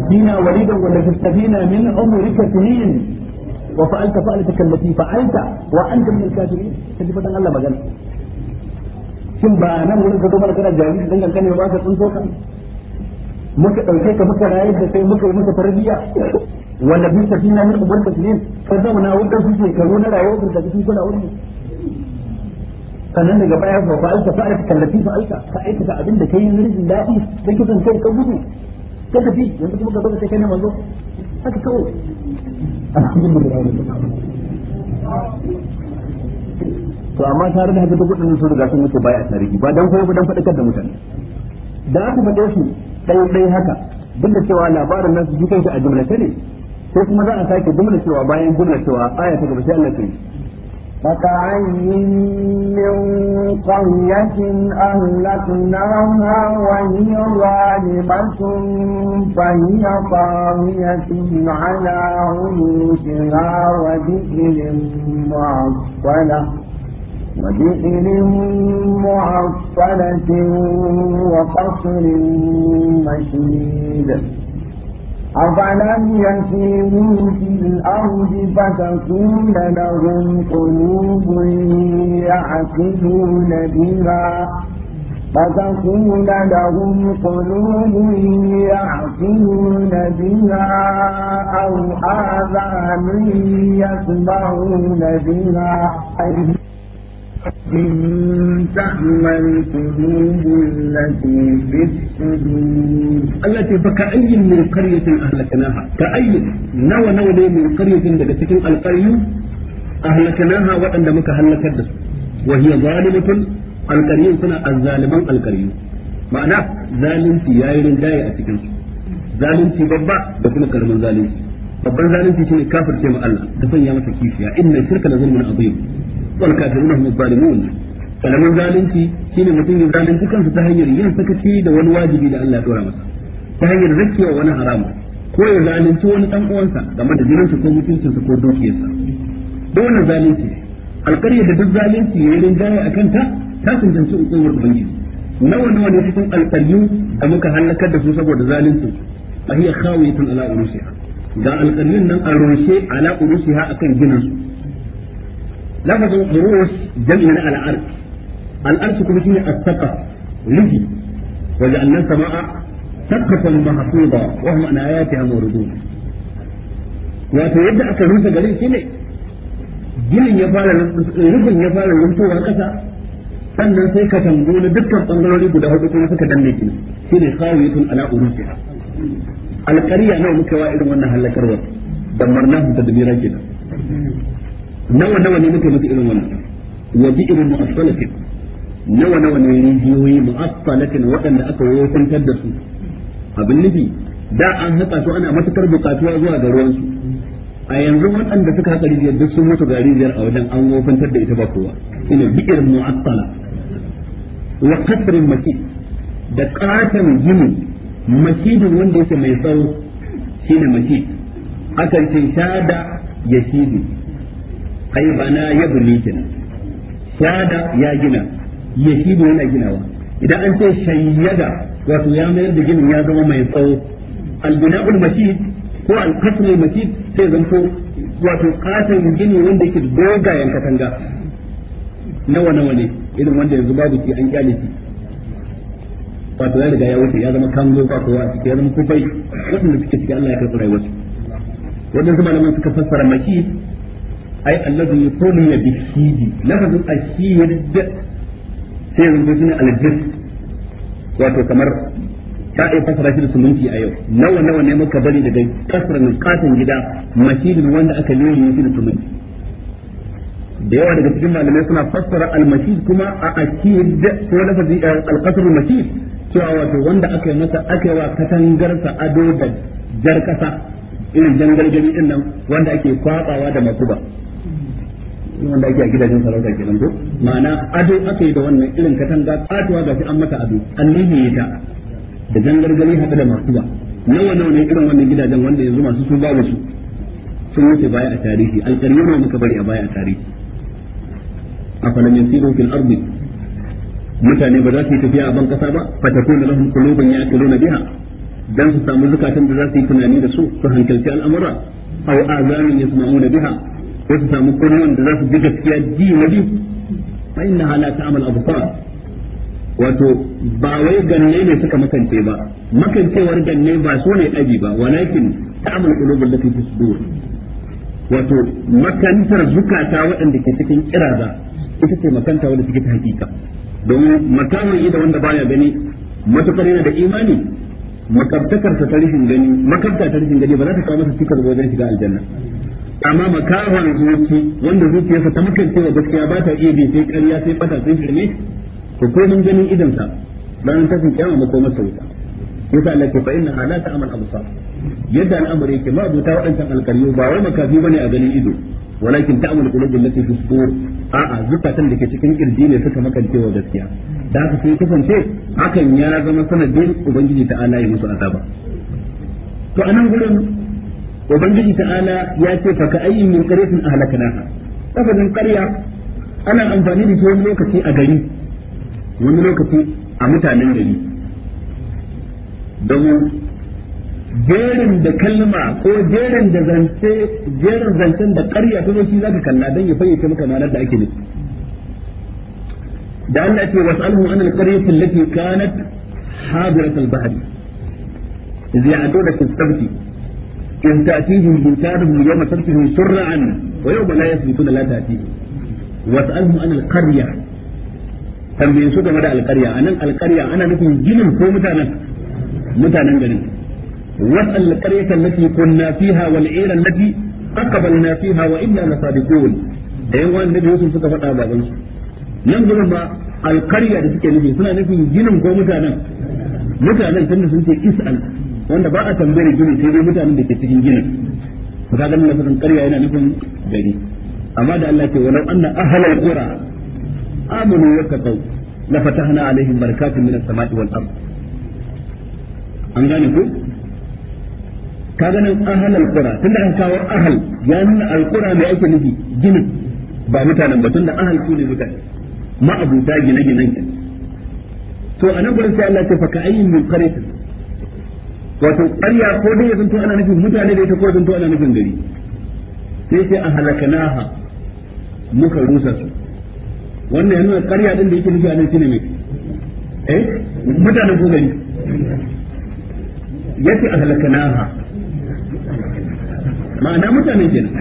fina walidan wa lafistafina min umrika sinin wa fa'alta fa'altaka allati fa'alta wa anta min al-kafirin kaji fadan Allah magana shin ba nan wurin ka zo mana kana jami'i dan kankane ba ka tsunto kan. muka ɗauke ka muka rayar da kai muka yi muka tarbiyya wanda bi ta fina min ubar ka sinin ka na wanda su karo na rayuwar ka cikin kuna wuri sannan daga baya ba ba alka fa alka kallafi fa alka ka aikata abin da kai yin daɗi da kisan kai ka gudu ka tafi yanzu kuma ka zo ka kai ne manzo haka kawai to amma tare da haka duk waɗannan sun riga sun wuce baya tarihi ba dan koyo ba dan fadakar da mutane da aka faɗe shi. dan dai haka duk da cewa labarin nasu shi kanta a jumlace ne sai kuma za a sake jumla cewa bayan jumla cewa aya ta gaba sai Allah ta yi فكعين من قرية أهلكناها وهي ظالمة فهي طاوية على عروشها وبئر معطلة وبئر معطلة وقصر مشيد أفلم يسيروا في الأرض فتكون لهم قلوب يعقلون بها فتكون لهم قلوب يعقلون بها أو آذان يسمعون بها إن تعمل قلوب التي في الصدور التي فكأي من قرية أهلكناها كأي نوى نوى من قرية لتكن القرية أهلكناها وأن هلكت وهي ظالمة القرية سنة الظالمان القرية ma'ana zalunci ya yi rinjaye a cikin zalunci babba da kuma karamin zalunci babban zalunci shine kafirce ma Allah da sanya masa kishiya inna shirka la zulmun azim wal kafiruna hum zalimun kalamin zalunci shine mutum ya zalunci kansa ta hanyar yin sakaci da wani wajibi da Allah ya dora masa ta hanyar zakkewa wani haramu ko ya zalunci wani dan uwansa game da jininsa ko mutuncinsa ko dukiyarsa duk wannan zalunci alƙaryar da duk zalunci ya yi rinjaye a kanta ta tantance hukumar ubangiji nawa nawa ne cikin alƙaryu da muka halakar da su saboda zalunci a hiya ga alƙaryun nan a rushe ala urusiha akan ginin su lafazin ru'us jami'in ala al-arsh al-arsh kuma shine as-saqa rufi وجعلنا السماء سقفا محفوظا وهم عن اياتها موردون wato yadda aka rufe garin shine ginin ya fara rufin ya fara runtowa kasa sannan sai ka tambo na dukkan bangarori guda hudu kuma suka danne shi shine khawiyatun ala urusiha alqariya nawa muka wa irin wannan halakarwa damarnahu tadbira kenan nawa nawa ne muke musu irin wannan wa bi irin mu'assalatin nawa nawa ne rijiyoyi mu'assalatin waɗanda aka wofantar da su abin nufi da an haƙa su ana matukar buƙatuwa zuwa ga ruwansu a yanzu waɗanda suka haƙa rijiyar duk sun mutu ga rijiyar a wajen an wofantar da ita ba kowa ina bi irin mu'assala wa kasrin masjid da ƙaton gini masjidin wanda yake mai tsawo shine masjid akan ce shada yasidi ai bana ya buli kenan sada ya gina ya shi yana ginawa idan an ce shayyada wato ya mayar da ginin ya zama mai tsawo albina'ul masjid ko alqasmul masjid sai zanto wato katon gini wanda yake dogayen katanga nawa nawa ne irin wanda yanzu babu shi an kyale shi wato ya riga ya wuce ya zama kango ba kowa a ciki ya zama kubai wadanda suke ciki Allah ya karɓi rayuwarsu wadansu malaman suka fassara masjid ai alladhi yutuni bi shidi lafazin da sai yanzu suna aljis wato kamar ta iya fasara shi da suminti a yau nawa nawa ne muka bari daga kasar katon gida mashidin wanda aka lori shi da suminti da yawa daga cikin malamai suna fassara almashid kuma a akid ko lafazi alqasr almashid cewa wato wanda aka yi masa aka yi wa katangarsa ado da jar kasa irin dangalgali din nan wanda ake kwabawa da makuba wanda ake a gidajen sarauta kenan ko ma'ana ado aka yi da wannan irin katanga katuwa ga shi an mata ado annabi ya ta da gangargari haɗe da masu ba nawa nawa ne irin wannan gidajen wanda yanzu masu su babu su sun wuce baya a tarihi alƙarni ne muka bari a baya a tarihi a falamin siro fil ardi mutane ba za su yi tafiya a ban kasa ba fa takuna ya qulubun na biya dan su samu zukatan da za su yi tunani da su su hankalci al'amura aw azamin yasma'una biha ko su samu kunnuwan da za su ji gaskiya ji na bi fa inna hala ta'mal absar wato ba wai ganne ne suka makance ba makancewar ganne ba so ne dabi ba walakin ta'mal qulubul lati fi sudur wato makantar zukata waɗanda ke cikin kiraza ita ce makanta wanda take ta hakika domin makamin ida wanda baya gani matukar yana da imani makabtakar ta rishin gani makabta ta rishin gani ba za ta kawo masa cikar wajen shiga aljanna amma makahon zuci wanda zuciyarsa ta makance wa gaskiya ba ta iya bi sai ƙarya sai fata sai firme to ko mun ganin idan sa ranar tashin kiyama makomar sa wuta yasa Allah ke fa inna la ta'mal absar yadda al'amari yake ma buta waɗancan alƙaryu ba wai makafi bane a ganin ido walakin ta'mal qulub allati fi sudur a'a zukatan da ke cikin kirji ne suka makance wa gaskiya da haka sai kasance hakan ya zama sanadin ubangiji ta ala ya musu azaba to anan gurin ubangiji ta'ala ya ce fa ka ayyin min qaryatin ahlaknaha lafazin qarya ana amfani da shi wani lokaci a gari wani lokaci a mutanen gari domin jerin da kalma ko jerin da zance jerin zancen da ƙarya ta zo shi zaka kalla dan ya fayyace maka ma'anar da ake nufi da Allah ce was'alhu an al-qaryati allati kanat hadirat al-bahri iz ya'du da tasabti in ta'tihim butanuhum yawma tabtihim sur'an wa yawma la yasbutuna la ta'tihim was'alhum an al-qarya tambaye su game da alƙarya anan alƙarya ana nufin ginin ko mutanen mutanen garin was'al al-qaryata allati kunna fiha wal 'ila allati aqbalna fiha wa inna lasadiqun da yan wani nabi Yusuf suka faɗa baban su nan gurin ba alƙarya da suke nufi suna nufin ginin ko mutanen mutanen tunda sun ce is'al wanda ba a tambayar gini sai dai mutanen da ke cikin ginin ka ganin nan lafazin ƙarya yana nufin gari amma da Allah ce walau anna ahlal qura amanu wa taqaw la fatahna alaihim barakatun minas samai wal ard an gane ku ka ganin nan ahlal qura tunda an kawo ahl ya nuna al qura mai ake nufi ginin ba mutanen ba tunda ahl su ne mutane ma abuta gine-ginen to anan gurin sai Allah ya ce fa ka ayyin min qaryatin wato ƙarya ko dai ya zanto ana nufin mutane da ita ko zanto ana nufin gari sai sai a halakanaha muka rusa su wannan yana ƙarya ɗin da yake nufi a nan shine mai eh mutanen ko gari yace a halakanaha ma'ana mutane kenan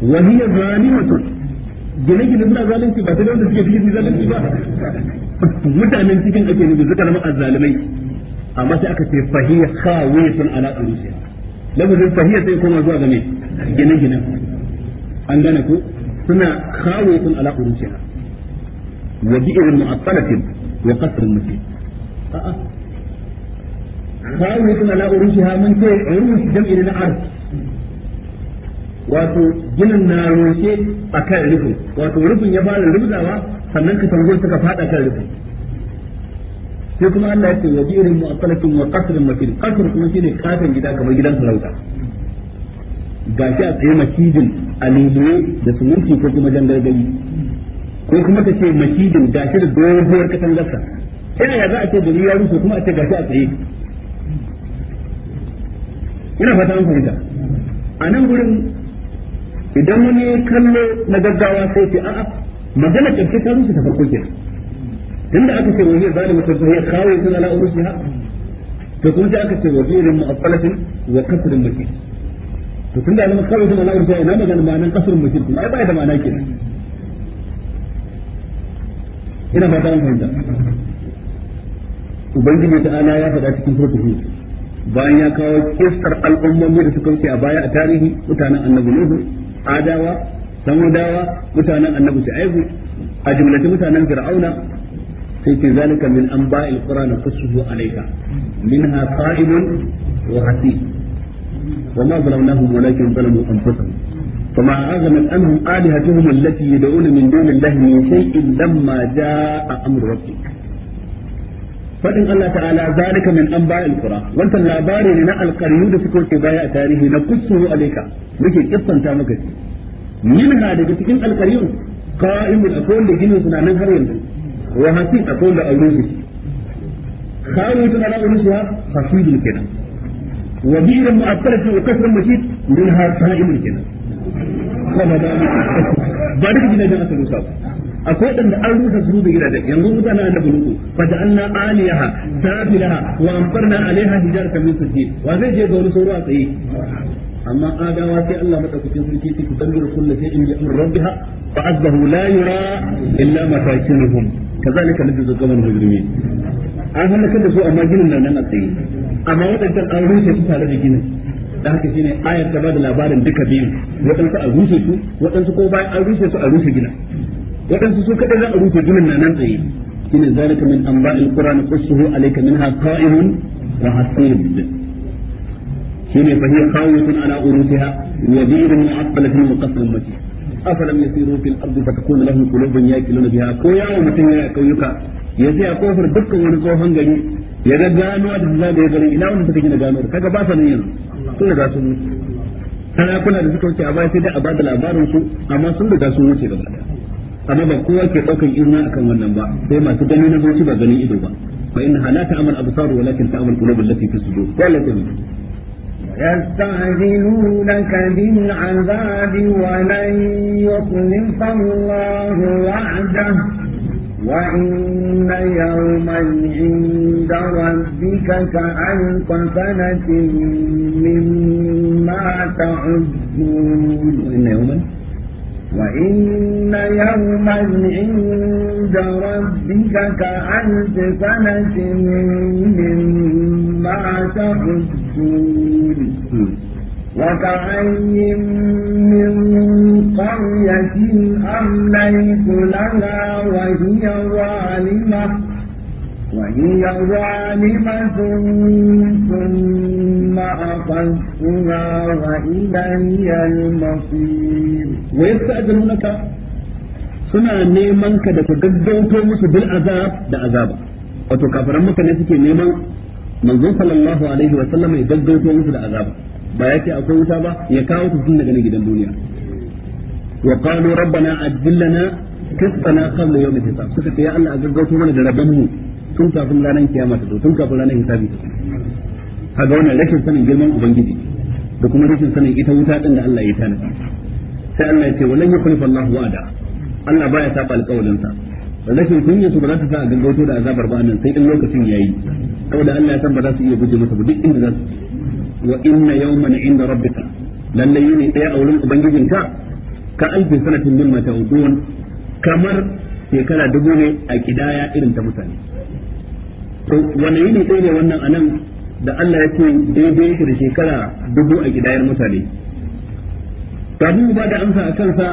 wa zani zalimatu gine gine suna zalunci ba sai da wanda suke fiye zalunci ba mutanen cikin ake nufi suka zama azzalimai amma sai aka ce fahiya khawiyatun ala urushiha lafazin fahiya sai kuma zuwa ga me gine gine an gane ko suna khawiyatun ala urushiha wa bi'rin mu'attalatin wa qasrin mutin a'a khawiyatun ala urushiha mun ce urush jam'i na arsh wato ginin na roshe a kan rufin wato rufin ya fara rubzawa sannan ka tangon suka fada kan rufin sai kuma Allah ya ce wa bi'rin mu'attalatin wa qasrin makin qasr kuma shine katon gida kamar gidan sarauta ga shi a tsaye masjidin a liliye da suminti ko kuma jangargari ko kuma ta ce masjidin makidin shi da doguwar katangarsa ina ya za a ce da ya rufe kuma a ce ga shi a tsaye ina fata an fahimta a nan gurin idan wani kallo na gaggawa sai ce a'a magana ƙarshe ta rufe ta farko kenan tunda aka ce wahiyar zalimatun fa hiya khawiyatun ala urushiha to kuma sai aka ce wazirin mu'affalatin wa kasrin mutin to tunda zama khawiyatun ala urushiha ina magana ma'anan kasrin mutin kuma ai ba da ma'ana kenan ina ba ta fahimta ubangiji ta ala ya faɗa cikin suratul bayan ya kawo kistar al'ummomi da suka wuce a baya a tarihi mutanen annabi nuhu adawa samudawa mutanen annabi shu'aibu a jumlatin mutanen fir'auna sai ce zalika min anba'il qura naqsuhu alayka minha qa'imun wa hasib wa ma zalamnahum walakin zalamu anfusahum فما أغنت عنهم آلهتهم التي يدعون من دون الله من شيء لما جاء أمر ربك فإن الله تعالى ذلك من أنباء القرى وانت اللاباري لنا القريون سكر كباية تاريه نقصه عليك لكي قصة تامك من هذا تكين القريون قائم الأقول لجنه سنعنا هر ينزل wa hafi akwai wanda aure su kawo tana da aure su ha hasidul kenan wa bi'ran mu'akkalatin wa kasran mashid min ha sa'imul kenan kuma da ba duka gidajen aka rusa akwai waɗanda an rusa su da gidajen yanzu mutanen wa zai je ga sauro a tsaye amma adawa sai Allah madaukakin sarki sai ku dangar kullu sai in ya'mur rabbiha fa azzahu la yura illa masakinuhum kazalika najzu qawman mujrimin an halaka da su amma ginin nan nan a tsaye amma wadannan an rufe su tare da ginin da haka shine ayar ta bada labarin duka biyu wadansu a rushe su wadansu ko bayan an rushe su a rushe gina wadansu su kadai za a rushe ginin nan nan tsaye shine zalika min anba'il qur'an qassuhu alayka minha qa'ilun wa hasib shine fa hiya khawiyatun ala urusiha wa birun mati afalam yasiru fil ardi lahum qulubun yaqiluna biha ko ya kauyuka ya sai a kofar dukkan wani tsohon gari ya ga ganuwa da zagaye gari ina wanda suka gina ganuwar kaga ba sa nan yanzu sun da suka wuce a baya sai dai a bada labarin su amma sun riga sun wuce gaba daya amma ba kowa ke daukan izina akan wannan ba sai masu gani na zuci ba ganin ido ba fa inna la ta'mal absar walakin ta'mal fi sudur wallahi يستعجلونك بالعذاب ولن يخلف الله وعده وإن يوما عند ربك كألف سنة مما تعدون وإن يوما وإن يوما عند ربك كألف سنة مما تحسون وكأي من قرية أمليت لها وهي ظالمة وهي ظالمة ثم أخذتها وإلي المصير ويستأذنونك suna neman ka da ka gaggauto musu bil azab da azaba wato kafiran maka ne suke neman manzon sallallahu alaihi wa sallam ya gaggauto musu da azaba ba yake akwai wuta ba ya kawo su tun gidan duniya wa qalu rabbana ajil kistana qabla yawm al-hisab suka ce ya Allah a gaggauto mana da rabban mu tun kafin ranar kiyama ta zo tun kafin ranar hisabi ta kaga wannan rashin sanin girman ubangiji da kuma rashin sanin ita wuta din da Allah ya tanada sai Allah ya ce walan yukhlifa Allah wa'ada Allah baya saba alƙawarin sa rashin yi su ba za ta sa a gaggauto da azabar ba nan sai in lokacin yayi saboda Allah ya san ba za su iya guje masa ba duk inda za su wa inna yawman inda rabbika lalle yini daya a wurin ubangijinka ka alfi sanatin mimma ta'udun kamar shekara dubu ne a kidaya irin ta mutane to wani yi ne ne wannan anan da Allah ya ce daidai shi da shekara dubu a kidayar mutane kafin ba da amsa a kansa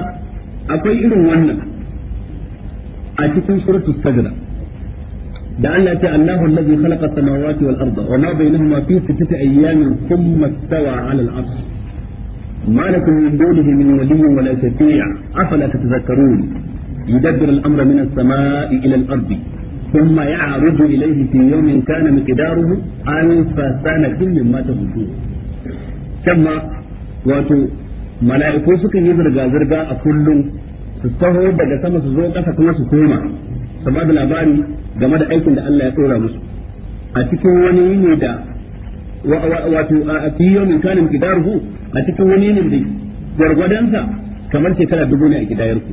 akwai irin wannan a cikin surutu sajda da Allah ce Allahu allazi khalaqa samawati wal arda wa ma bainahuma fi sittati ayyamin thumma istawa 'ala al-'arsh ma lakum min dunihi min waliyyin wa la shafi'a afala tatadhakkarun يدبر الأمر من السماء إلى الأرض ثم يعرض إليه في يوم كان مقداره ألف سنة مما تغفوه ثم واتو mala'iku sukan yi zirga-zirga a kullum su taho daga sama su zo ƙasa kuma su koma su labari game da aikin da Allah ya tsora musu a cikin wani yini da wato a fi a cikin wani da kamar shekara dubu ne a kidayarku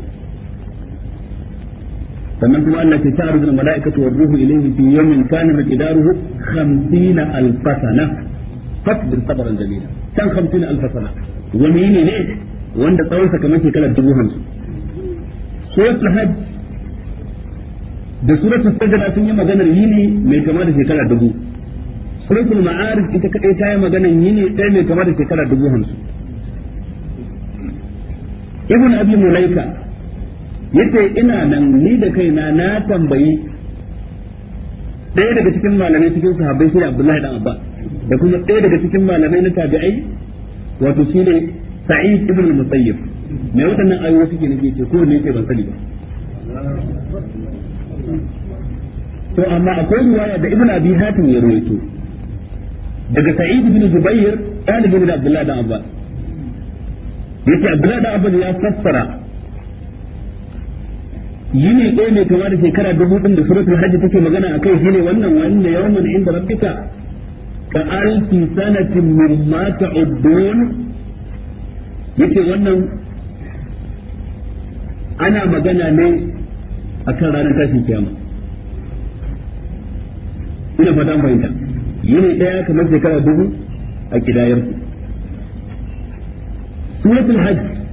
sannan kuma Allah ke ta'arudu al-mala'ikatu wa ruhu ilayhi fi yawmin kana miqdaruhu 50 alf sana fasbir sabran jamila kan 50 alf sana wani ne ne wanda tsawon sa kamar shekarar dubu hamsin suratul da suratul sajda sun yi maganar yini mai kama da shekara dubu suratul ma'arij ita kadai ta yi maganar yini ɗaya mai kama da shekara dubu hamsin ibn abi mulaika yace ina nan ni da kaina na tambayi ɗaya daga cikin malamai cikin sahabbai shi Abdullahi dan Abbas da kuma ɗaya daga cikin malamai na tabi'ai wato shine Sa'id ibn al-Musayyib me nan ayoyi suke nake ce ko ne yake ban sani ba to amma akwai riwaya da Ibn Abi Hatim ya rawaito daga Sa'id ibn Zubair ɗalibin da Abdullahi dan Abbas yace Abdullahi dan Abbas ya fassara yini ɗaya ne kama da shekara dubu ɗin da suratul hajji take magana a kai shine wannan wanda yawman inda rabbika ka alfi sanatin mimma ta'uddun yace wannan ana magana ne akan ranar tashin kiyama ina fata an fahimta yini ɗaya kamar shekara dubu a kidayar suratul hajji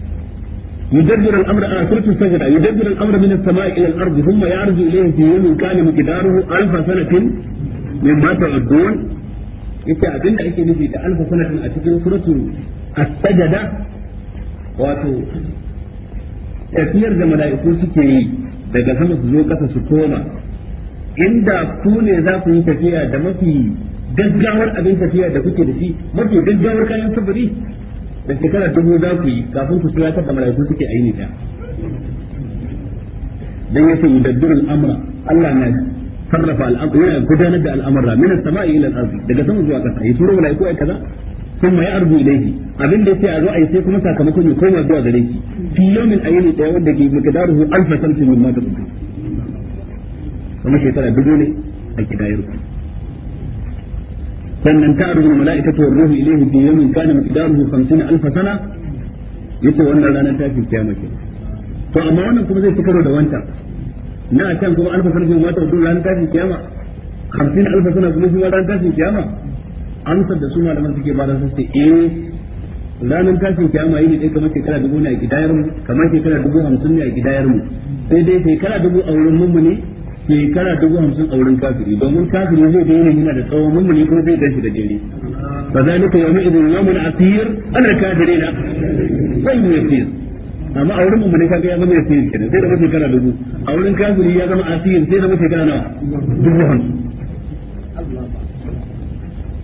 يدبر الامر انا سوره السجده يدبر الامر من السماء الى الارض ثم يعرج اليه في يوم كان مقداره الف سنه مما تعدون yake abin da ake nufi da alfa sanatin a cikin suratul as-sajada wato tafiyar da mala'iku suke yi daga sama su zo kasa su koma inda ku ne za ku yi tafiya da mafi gaggawar abin tafiya da kuke da shi mafi gaggawar kayan sufuri da shekara dubu za ku yi kafin ku shirya da malaiku suke aini ta dan yace yudabbirul amra Allah na sarrafa al'amura yana gudanar da al'amura min as-sama'i ila al-ardi daga sama zuwa kasa yi turo malaiku ai kaza kuma ya arzu ilaihi abin da yace a zo ai sai kuma sakamakon ya koma zuwa gare shi fi yawmin ayyini da wanda ke miqdaruhu alfa santin min ma tasbu kuma shekara dubu ne a kidayar ku sannan ta al mala'ika ta ruhu ilayhi bi yawmin kana miqdaruhu 50000 sana yace wannan ranar fi kiyama ce to amma wannan kuma zai cikaro da wanta. na a can kuma alfa sana shi mata duk ranar tashin kiyama 50 alf sana kuma shi ranar tashin kiyama amsar da su malaman suke ba da sai eh ranar tashin kiyama yi ne dai kamar shekara dubu ne a gidayar mu kamar shekara dubu hamsin ne a gidayar mu sai dai shekara dubu a wurin mummu ne shekara dubu hamsin a wurin kafiri domin kafiri zai da yanayi yana da tsawon mummuni kuma zai ganshi da jere fa zalika yawmi idin yawmun asir ana na. zai yi yasir amma a wurin mummuni kafiri ya zama yasir kenan zai da mutum kana dubu a wurin kafiri ya zama asir sai da mutum kana nawa dubu hamsin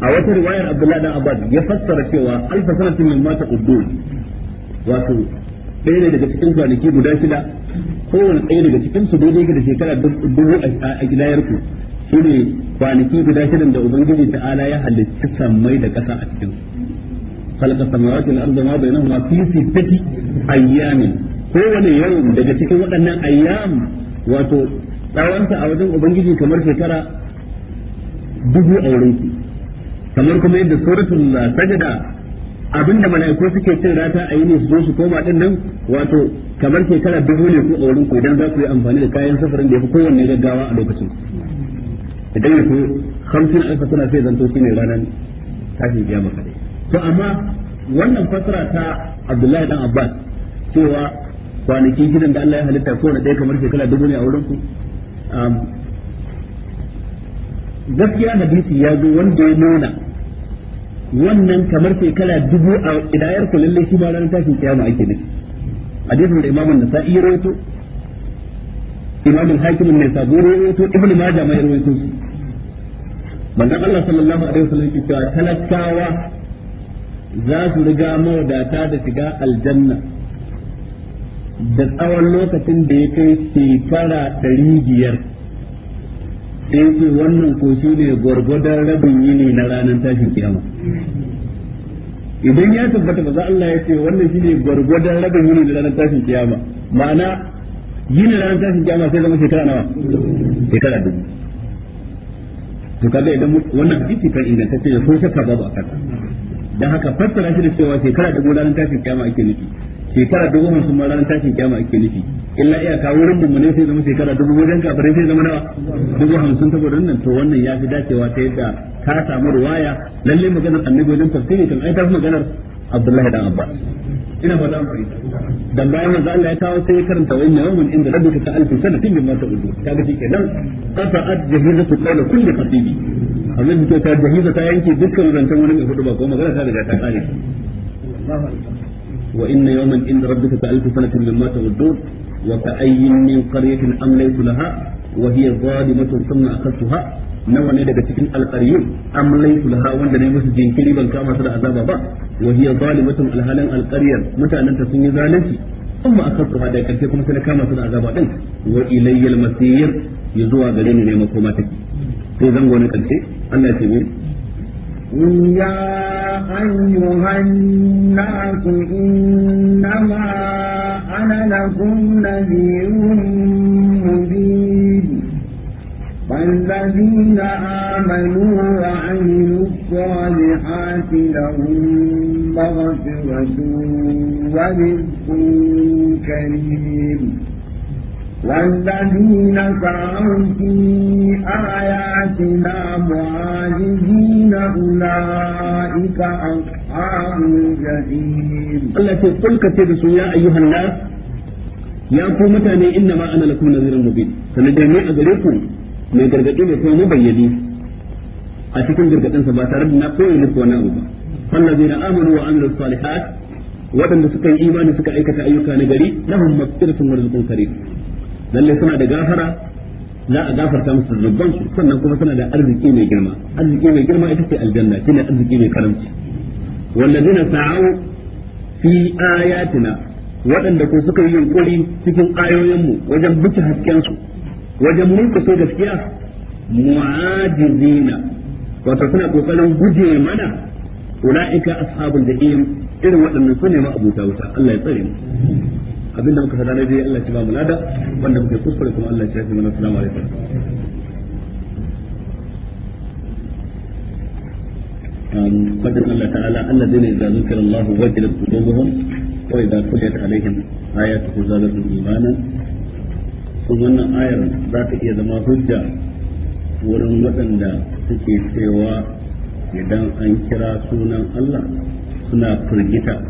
a wata riwayar Abdullahi dan Abbas ya fassara cewa alfa sanatin min mata uddud wato ɗaya ne daga cikin kwanaki guda shida kowane ɗaya daga cikin su daidai ga da shekara dubu a gidayar ku shine kwanaki guda shidan da ubangiji ta'ala ya halitta sammai da ƙasa a cikin خلق السماوات والأرض وما بينهما في ستة أيام kowane yau daga cikin waɗannan ayyam wato tsawonsa a wajen ubangiji kamar shekara dubu a wurin kamar kuma yadda suratul sajada abinda mala'iku suke cin rata a yi ne su zo su koma din nan wato kamar kala dubu ne ko a wurin ku idan za ku yi amfani da kayan safarin da ya fi kowanne gaggawa a lokacin idan ya ku hamsin alfa suna sai zanto shi ne ranar tashin kiyama kadai to amma wannan fasara ta abdullahi dan abbas cewa kwanakin gidan da Allah ya halitta ko na ɗaya kamar shekara dubu ne a wurin ku gaskiya hadisi ya zo wanda ya nuna wannan kamar kala dubu a idayar ku lalle shi ba ranar tashin kiyama ake nufi hadisin da imamun nasa'i ya rawaito imamun hakimin ne sabu ya rawaito ibnu majah ma ya rawaito shi manzon Allah sallallahu alaihi wasallam ke ta talakawa za su riga mawadata da shiga aljanna da tsawon lokacin da ya kai shekara ɗari sai eh, yake wannan ko shi ne gwargwadon rabin yini na ranar tashin kiyama idan ya tabbata ba za Allah ya ce wannan shi ne gwargwadon rabin yini na ranar tashin kiyama ma'ana yini ranar tashin kiyama sai zama shekara nawa shekara dubu to kaga idan wannan hadisi kan ingantacce ne ko shakka babu a kasa dan haka fassara shi da cewa shekara dubu ranar tashin kiyama ake nufi shekara dubu hamsin ma ranar tashin kyama ake nufi illa iya iyaka wurin ne sai zama shekara dubu wajen kafirai sai zama nawa dubu hamsin saboda wannan to wannan ya fi dacewa ta yadda ta samu ruwaya lalle maganar annabi wajen tafsiri kan ai ta fi maganar abdullahi dan Abba. ina ba dan fahimta dan bayan manzo Allah ya kawo sai ya karanta wa inna yawman inda rabbika ta alfi sanatin mimma ta'udu kaga shi kenan qata'at jahizatu qawla kulli khatibi amma ta jahiza ta yanke dukkan zantan wani mai hudu ba ko magana ta riga ta kare وإن يوما عند ربك كألف سنة مما تعدون وكأي من قرية أمليت لها وهي ظالمة ثم أخذتها nawa ne daga cikin alqariyun amlaitu laha wanda ne masu jinkiri ban kama su azaba ba wa hiya zalimatun alhalan alqariyar mutanen ta sun yi zalunci kuma akasuha da karshe kuma sai kama su da azaba din wa ilayyal masir ya zuwa gare ni ne makoma take sai zango na karshe Allah ya قل يا أيها الناس إنما أنا لكم نذير مبين فالذين آمنوا وعملوا الصالحات لهم مغفرة ورزق كريم والذين سعوا في آياتنا معاجزين أولئك أصحاب الجحيم التي قل كتب يا أيها الناس يا قوم إنما أنا لكم نذير مبين سنجمع أجلكم من قرقتين يكون مبينين a cikin gargadinsa ba tare da na koyi musu wani abu ba fallazina amanu wa amilus salihat waɗanda suka yi imani suka aikata ayyuka na gari na maghfiratun wa rizqun lalle suna da gafara za a gafarta musu zubban su sannan kuma suna da arziki mai girma arziki mai girma ita ce aljanna shine arziki mai karamci wallazina sa'u fi ayatina waɗanda ko suka yi yunkuri cikin mu wajen buci hasken su wajen mulka so gaskiya mu'ajizina wato suna kokarin guje mana ulaika ashabul jahim irin waɗannan su ne ma abuta wuta Allah ya tsare mu abinda muka faɗa na dai Allah ya ba mu lada wanda muke kuskure kuma Allah ya mana alaikum الله تعالى الذين إذا ذكر الله وجلت قلوبهم وإذا تليت عليهم آياته زادتهم إيمانا ayar za ta iya zama hujja wurin waɗanda suke cewa idan an kira sunan Allah suna firgita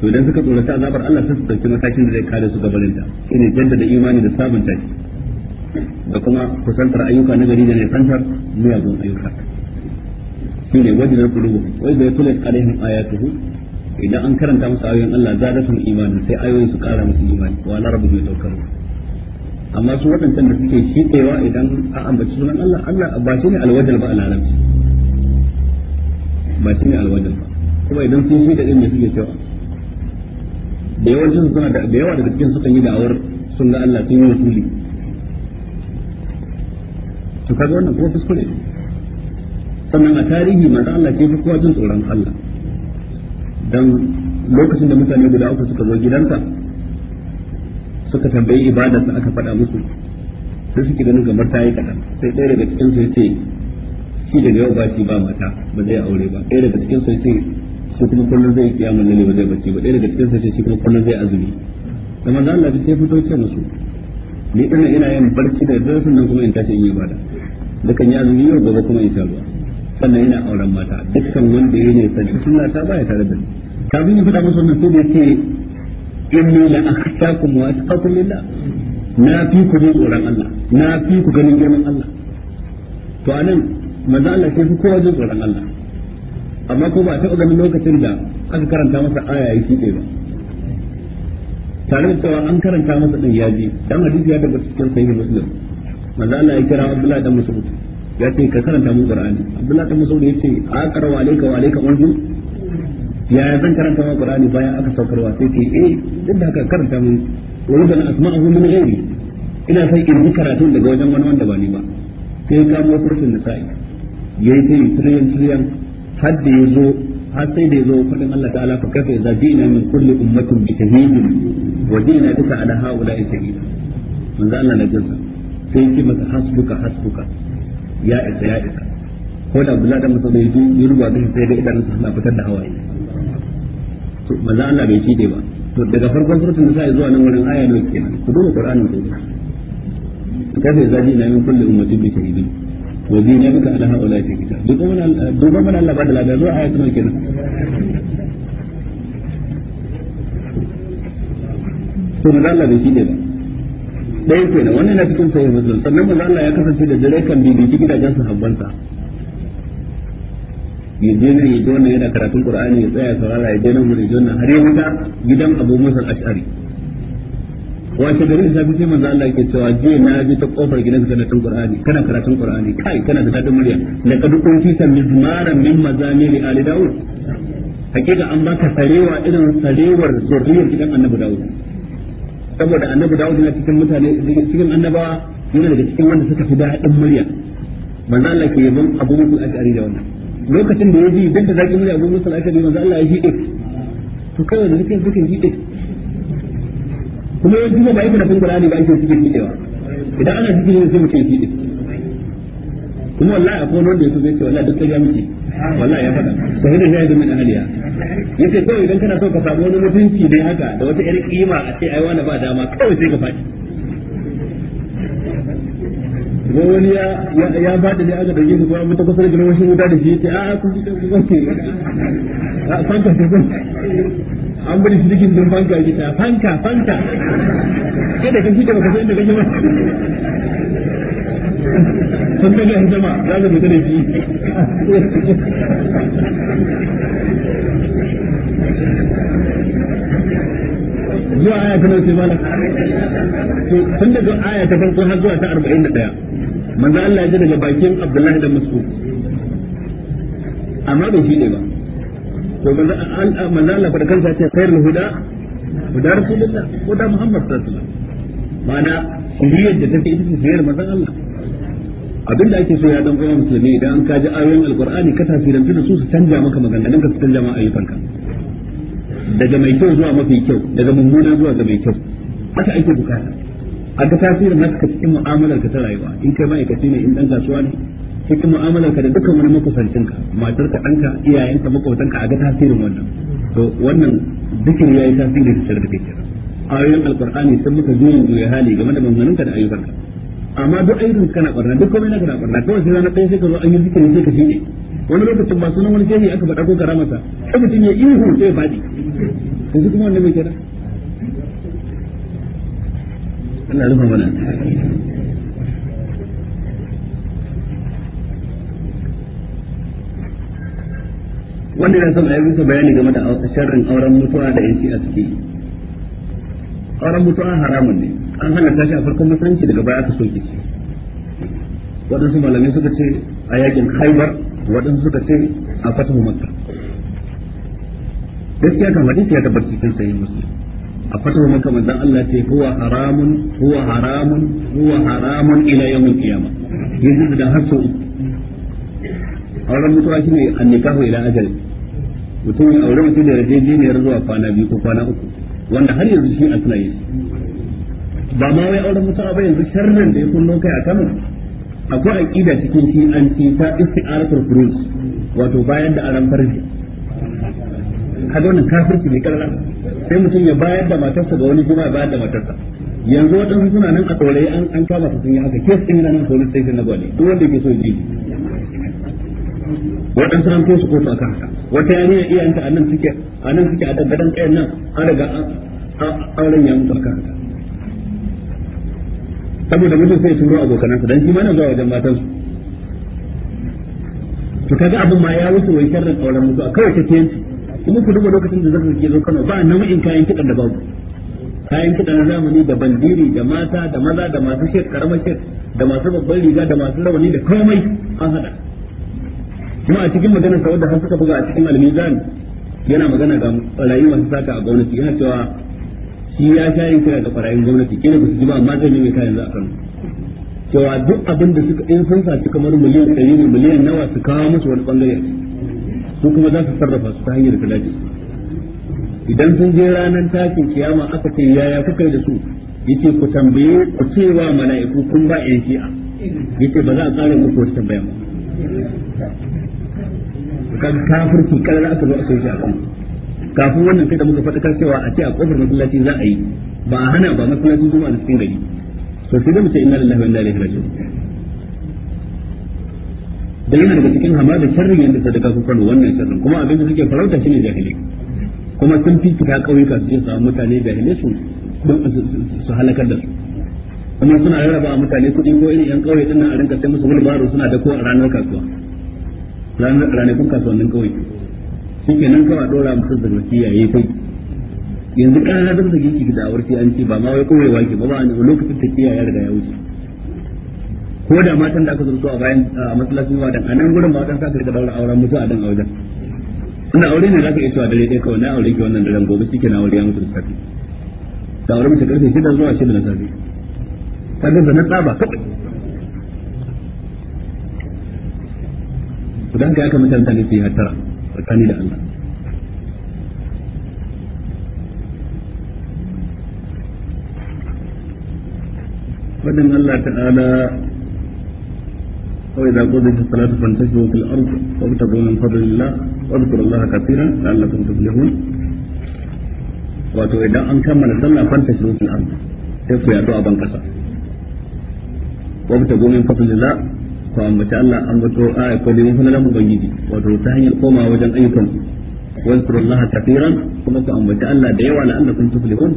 to idan suka tsorata azabar Allah sai su dauki matakin da zai kare su gabanin ta ina jaddada imani da sabunta shi da kuma kusantar ayyuka na gari da ne santar miyagun ayyuka shine wajen qulubu wa idza tulat alaihim ayatuhu idan an karanta musu ayoyin Allah zadatum imanin sai ayoyin su kara musu imani wa la rabbuhum yatawakkalun amma su waɗancan da suke shi shiɗewa idan a ambaci sunan Allah Allah ba shi ne alwajal ba a larabci ba shi ne alwajal ba kuma idan sun da ɗin ne suke cewa da yawancin suna da yawa daga cikin sukan yi da'awar sun ga Allah sun yi wasuli to kaga wannan kuma fuskure sannan a tarihi manzo Allah ke fi kowa jin tsoron Allah dan lokacin da mutane guda uku suka zo gidanta, suka tambayi ibada su aka faɗa musu sai suke ganin gamar ta yi kaɗan sai ɗaya daga cikin su ya ce shi daga yau ba shi ba mata ba zai aure ba ɗaya daga cikin su ya ce shi kuma kullum zai ba zai bacci ba ɗaya daga cikin sa shi kuma kullum zai azumi da manzo Allah ya ce musu ni yin barci da dare sannan kuma in tashi in yi ibada dukan azumi yau gobe kuma in sha sannan ina auren mata dukkan wanda ya ne sunna ta baya tare da ni kafin fada musu wannan sai da yake inni la wa atqakum na fi ku tsoron Allah na fi ku ganin girman Allah to anan manzo Allah sai ku kowa jin tsoron Allah amma ko ba a taɓa ganin lokacin da aka karanta masa aya ya shuɗe ba tare da cewa an karanta masa din ya dan hadisi ya tabbata cikin sahihi muslim manzo Allah ya kira Abdullah dan Mas'ud ya ce ka karanta mu Qur'ani Abdullah dan Mas'ud ya ce a karwa alayka wa alayka wanzu ya zan karanta mu Qur'ani bayan aka saukarwa sai ce eh duk da haka karanta mu wa rubana asma'ahu min ghairi ina sai in yi karatun daga wajen wani wanda ba ni ba sai ka mu fursun nisa'i yayi sai tiriyan tiriyan har da zo har sai da zo faɗin Allah ta'ala fa kafa zabi ina min kulli ummatin bi shahidin wa jina bika ala haula'i shahida manzo Allah na jinsa sai yake masa hasbuka hasbuka ya isa ya isa ko da bula da masa bai yazo ruwa ruba da sai da idan na fitar da hawaye to manzo Allah bai kide ba to daga farkon surutun da sai zuwa nan wurin aya ne kenan ku dole Qur'anin ku kafa zabi ina min kulli ummatin bi shahidin wa zina bika ala haula ta kitab duk wannan duk wannan Allah ba da ladan zuwa ayatu nan kenan to manzo Allah bai ba na cikin sahih muslim sannan mu Allah ya kasance da dare kan bibiyi gidajen sahabbansa ya je nan ya ji yana karatun ƙurani ya tsaya saurara ya je nan mu ya har ya wuta gidan Abu Musa ashari wace gari da safi sai manzo Allah yake cewa je na bi ta kofar gidan ka na tun Qur'ani kana karatun Qur'ani kai kana da dadin murya kun fi san mizmaran min mazamir ali daud hakika an baka sarewa irin sarewar zuriyar gidan annabi daud saboda annabi daud yana cikin mutane cikin annabawa yana daga cikin wanda suka fi dadin murya manzo Allah ke yabon Abu Musa al-Ash'ari da wannan lokacin da yaji idan da zaki murya Abu Musa al-Ash'ari manzo Allah ya hide to kai da nake dukin hide kuma yanzu ba aika da Qur'ani ba ake cikin fidewa idan ana cikin ne sai mutum ya fide kuma wallahi akwai wanda yaso zai ce wallahi duk ya miki wallahi ya faɗa to hidin ya yi dan aliya ce kawai idan kana so ka samu wani mutunci dai haka da wata irin kima a ce ai wani ba dama kawai sai ka faɗi ko wani ya ya ba da ne aka dage shi ko an mutu da wani wuta da shi yace a kun ji kun wanke a fanka ta kun an bari shi cikin dun fanka gita fanka fanka kai da kake ba ka da kake ba sun ga yan za ka mutu da shi zuwa aya ta nauce malam tun daga aya ta farko har zuwa ta 41 manzo Allah ya ji daga bakin Abdullahi da Mas'ud amma bai shi ne ba to manzo Allah fa da kansa ce khairul huda huda rasulullah huda Muhammad sallallahu alaihi wasallam ma'ana shiriyar da take ita ce shiriyar manzo Allah abin da ake so ya dan uwa musulmi idan an kaji ayoyin alqur'ani ka tafsirin da su su canja maka maganganun ka su canja ma ayyukanka daga mai kyau zuwa mafi kyau daga mummuna zuwa ga mai kyau haka ake bukata a ga na naka cikin mu'amalar ka ta rayuwa in kai ma'aikaci ne in dan kasuwa ne cikin mu'amalar ka da dukkan wani makusancin ka matar ka danka iyayen ka makwabtan ka a ga tasirin wannan to wannan dukkan yayi tasiri da tsare da kai ayoyin alqur'ani sun muka juyin juya hali game da maganganun ka da ayyukan ka amma duk ayyukan kana barna duk komai na kana barna kawai sai na ɗaya sai ka zo an yi zikirin sai ka shine wani lokacin ba sunan wani shehi aka faɗa ko karamarsa sai mutum ya ihu sai ya faɗi yanzu kuma wannan mai kenan Allah rufa mana wanda ya sama ya bisa bayani game da sharrin auren mutuwa da yanki a ciki auren mutuwa haramun ne an hana tashi a farkon musulunci daga baya ta soke shi waɗansu malamai suka ce a yakin haibar waɗansu suka ce a fatahu makka gaskiya kan hadisi ya tabbatar cikin sayin musulmi a fatawa maka manzon Allah ce huwa haramun huwa haramun huwa haramun ila yawmil qiyamah yanzu da har sau auren mutuwa shi ne shine annikahu ila ajali mutum ya aure mutum da yarjejeniyar zuwa kwana biyu ko kwana uku wanda har yanzu shi a suna yi ba ma wai auren mutuwa ba yanzu sharrin da ya kunno kai a Kano akwai aqida cikin shi an ce ta isti'aratul furuz wato bayan da aran farji kaga wannan kafirci mai karara sai mutum ya bayar da matarsa ga wani kuma ya bayar da matarsa yanzu waɗansu suna nan a tsorayi an an kama su sun yi haka kes ɗin nan police station na gwani duk wanda ke so ji waɗansu an kai su kotu akan haka wata yarinya iyayenta a nan suke a nan suke a dangadan kayan nan an riga auren ya mutu akan haka saboda mutum sai turo abokanansa dan shi ma na zuwa wajen matansu to kaga abin ma ya wuce wai sharrin auren mutu a kawai ta kiyanci kuma ku duba lokacin da zaka je Kano ba nau'in kayan kidan da babu kayan kidan zamani da bandiri da mata da maza da masu shek karamar shek da masu babban riga da masu rawani da komai an hada kuma a cikin maganar sa wanda har suka buga a cikin almizan yana magana ga barayi masu saka a gwamnati yana cewa shi ya sha yin kira ga barayin gwamnati kina ku ji ba amma zai nemi kayan za a Kano cewa duk abin da suka in sun sa kamar miliyan ɗari ne miliyan nawa su kawo musu wani bangare ko kuma za su sarrafa su ta hanyar da idan sun je ranar takin kiyama aka ce yaya kuka yi da su yace ku tambaye ku ce wa mala'iku kun ba yan shi'a yace ba za a tsara muku wata tambaya ba kan kafirci kalar aka zo a sai shi a kuma kafin wannan kai da muka faɗa cewa a ce a kofar masallaci za a yi ba a hana ba masallacin zuwa da cikin gari to sai da mu ce inna lillahi wa inna ilaihi raji'un dan yana daga cikin hamada sharrin yanda sadaka ku kano wannan sharrin kuma abin da suke farauta shine jahili kuma sun fi fita kauyuka su je mutane jahilai su su halakar da su kuma suna rarraba a mutane kuɗi ko irin yan kauye din nan a rinka sai musu wulbaro suna da ko a ranar kasuwa ranar ranakun kasuwannin kauye shike nan kawai dora musu da wasiya yayi kai yanzu kana da zaki ki da aure sai an ce ba ma wai kauye wake ba ba lokacin tafiya ya riga ya wuce ko da matan da aka zurto a bayan masallacin wadan a nan gurin ba dan saka rika daura auren musu a dan a wajen aure ne zaka iya cewa dare ɗaya kawai na aure ki wannan daren gobe shi na aure ya mutu da safe da aure mace karfe shida zuwa shida na safe kaga zana tsaba kai. idan ka aka mutanta ne su yi hattara tsakani da Allah fadin Allah ta'ala وإذا قضيت الصلاة فانتشروا في الأرض وابتغوا من فضل الله واذكروا الله كثيرا لعلكم تفلحون ku yaɗu a ban kasa wabta gomin fasalila ku ambaci Allah ta hanyar koma wajen ayyukan ku wazkurullaha kafiran kuma ku ambaci Allah da yawa la'allakum tuflihun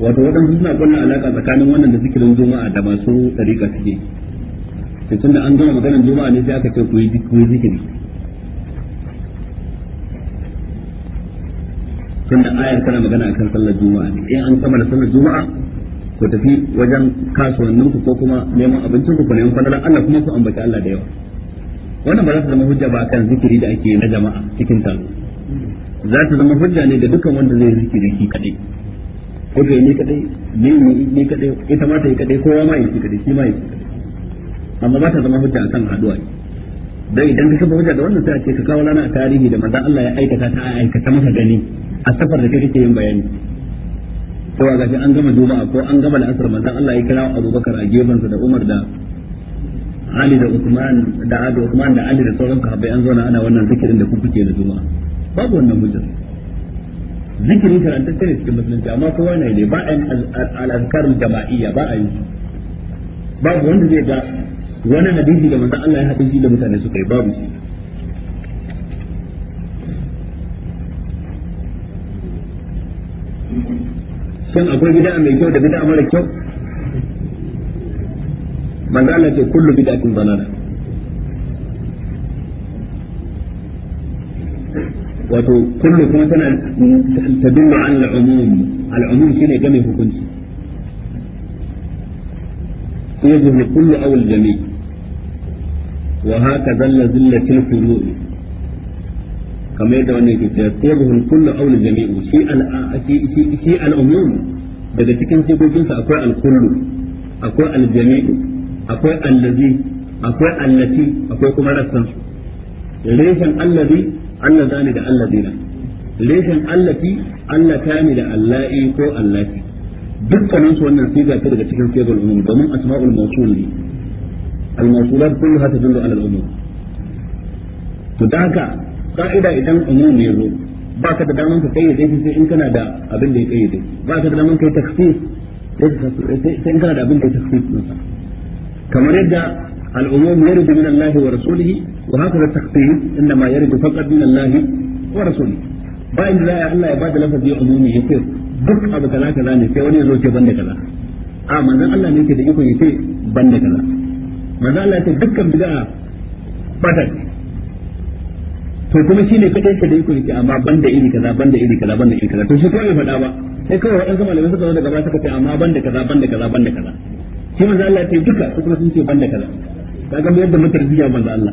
wato waɗansu suna ƙwallon alaƙa tsakanin wannan da zikirin juma'a da masu tsarika suke sai da an gama maganar juma'a ne sai aka ce ku yi zikiri da ayar tana magana akan sallar juma'a ne in an da sallar juma'a ku tafi wajen kasuwannin ku ko kuma neman abincin ku ku neman fadalan Allah kuma ku ambaci Allah da yawa wannan ba za ta zama hujja ba akan zikiri da ake na jama'a cikin taro za ta zama hujja ne da dukkan wanda zai zikiri shi kaɗai ko ta yi ni ne ni ni kadai ita ma ta kadai kowa ma yake kadai shi ma yi amma ba ta zama hujja kan haduwa dan idan ka saba hujja da wannan sai a ce ka kawo lana a tarihi da manzon Allah ya aikata ta aikata maka gani a safar da kake yin bayani to ga shi an gama duba ko an gama asar manzon Allah ya kira Abubakar a sa da Umar da Ali da Usman da Abu Usman da Ali da sauran sahabbai an zauna ana wannan zikirin da ku kuke da juma'a babu wannan hujja zikirin karantacce ne cikin musulunci amma kowa ne ne ba a yin al'azkar jama'iyya ba a yi babu wanda zai ga wani hadisi da manzon Allah ya hadisi da mutane suka yi babu shi shin akwai bid'a mai kyau da bid'a mara kyau manzo Allah ce kullu bid'atin dalala wato kullu kuma tana tadullu an al-umum shine game hukunci يجب كل أو الجميع وهكذا الذلة الفروع كما يدعو أن يجب كل أو الجميع شيء شيء شيء العموم daga cikin sigoginsa akwai alkullu akwai aljami'u akwai allazi akwai allati akwai kuma rassan reshen allazi Allah zani da Allah dina reshen allafi Allah ta da alla'i ko allafi dukkanin su wannan siga ta daga cikin sigar umum domin asma'ul mawsul ne al mawsulat kullu hata dundu ala al umum to da haka ka'ida idan umum ya zo ba ka da daman ka kayyade shi sai in kana da abin da ya kayyade ba ka da daman kai taksis sai in kana da abin da ya taksis kamar yadda العموم يرد من الله ورسوله وهكذا التخطيط إنما يرد فقط من الله ورسوله bayan da ya Allah ya bada lafazi umumi ya ce duk abu kaza kaza ne sai wani ya zo ce banda kaza a manzon Allah ne yake da iko ya ce banda dukkan to kuma shi ne kadai ka da iko yake amma banda iri kaza banda iri kaza banda iri kaza to shi kawai faɗa ba sai kawai waɗansu malamai suka zo daga baya suka ce amma banda kaza banda kaza banda kaza shi manzon Allah ya ce duka su kuma sun ce banda kaza ka ga yadda matarbiya manzo Allah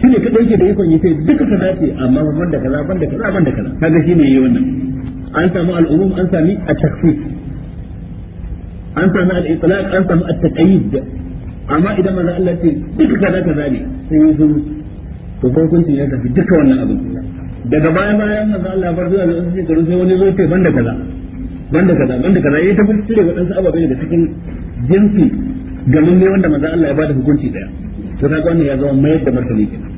shine kadai ke da ikon yace duka ka dace amma ban da kaza ban kaza ban kaza kaga shine yayi wannan an samu al'umum an sami at-takfif an samu al-itlaq an samu at-taqyid amma idan manzo Allah ce duka kaza kaza ne sai yi zuru to ko kun ya tafi duka wannan abin daga baya bayan manzo Allah bar zuwa da sai garin sai wani zo ce banda kaza banda kaza banda kaza yayi ta bincike wadansu ababai daga cikin jinsi ga lalle wanda manzon Allah ya bada hukunci daya to kaga wannan ya zama mayar da martani kenan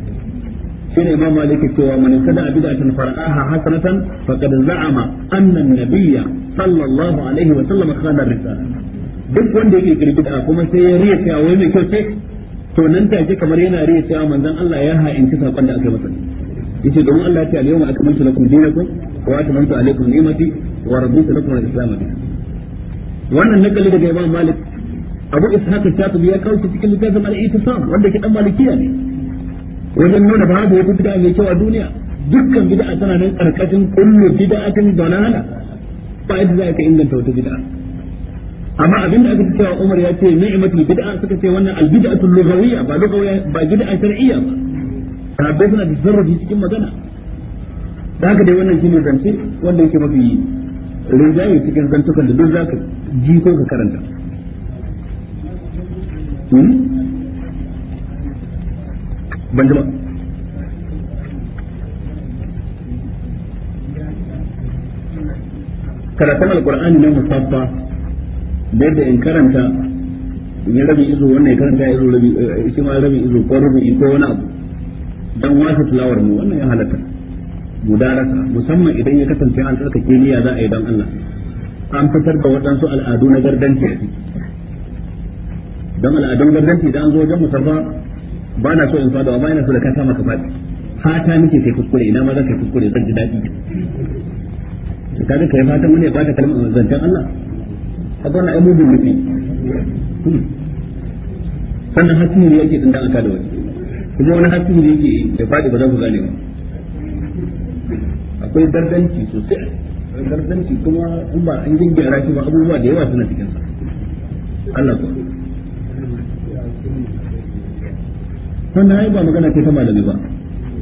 shi ne imam malik cewa man kada bid'atan fara'aha hasanatan faqad za'ama anna an-nabiyya sallallahu alaihi wa sallam khana risala duk wanda yake kirkita kuma sai ya riya cewa wai mai kyau ce to nan ta take kamar yana riya cewa manzon Allah ya ha'inci sakon da aka masa yace domin Allah ya ce al-yawma akmaltu lakum dinakum wa atamantu alaykum ni'mati wa raditu lakum al-islam wannan nakali daga imam malik abu ishaq shatibi ya kawo cikin littafin al-itisam wanda ke dan malikiya ne wajen nuna babu wata bid'a mai kyau a duniya dukkan bid'a tana nan karkashin kullu bid'atin dalala ba yadda za ka inganta wata bid'a amma abinda aka ce cewa Umar ya ce ni'matul bid'a suka ce wannan al-bid'atul lughawiyya ba lughawiyya ba bid'a shar'iyya ba sahabbai suna da zarrafi cikin magana da haka dai wannan shine zance wanda yake mafi rinjaye cikin zantukan da duk zaka ji ko ka karanta Hmm? ban jima karatun alkur'ani na musaffa da yadda in karanta in rabi izo wannan ya karanta ya izo rabi eh, shi ma rabi izo ko rabi ko wani abu dan wasa tilawar mu wannan ya halatta mudarasa musamman idan ya kasance an tsarkake niyya za a yi dan Allah an fitar da waɗansu al'adu na gardanci a ciki don al'adun garganci idan an zo wajen musabba ba na so in fada amma ina so da ka sa maka fadi fata nake kai kuskure ina ma zan kai kuskure zan ji dadi to kaga kai fata mun ne ba ka kalmar zancen Allah kaga wannan ai mugun nufi hmm. sannan hasimi ne yake tsinda aka da wani kuma wani hasimi ne yake da fadi ba za ku gane ba akwai dardanci sosai dardanci kuma in ba an gingira shi ba abubuwa da yawa suna cikin sa Allah ku wannan ai ba magana ce ta malami ba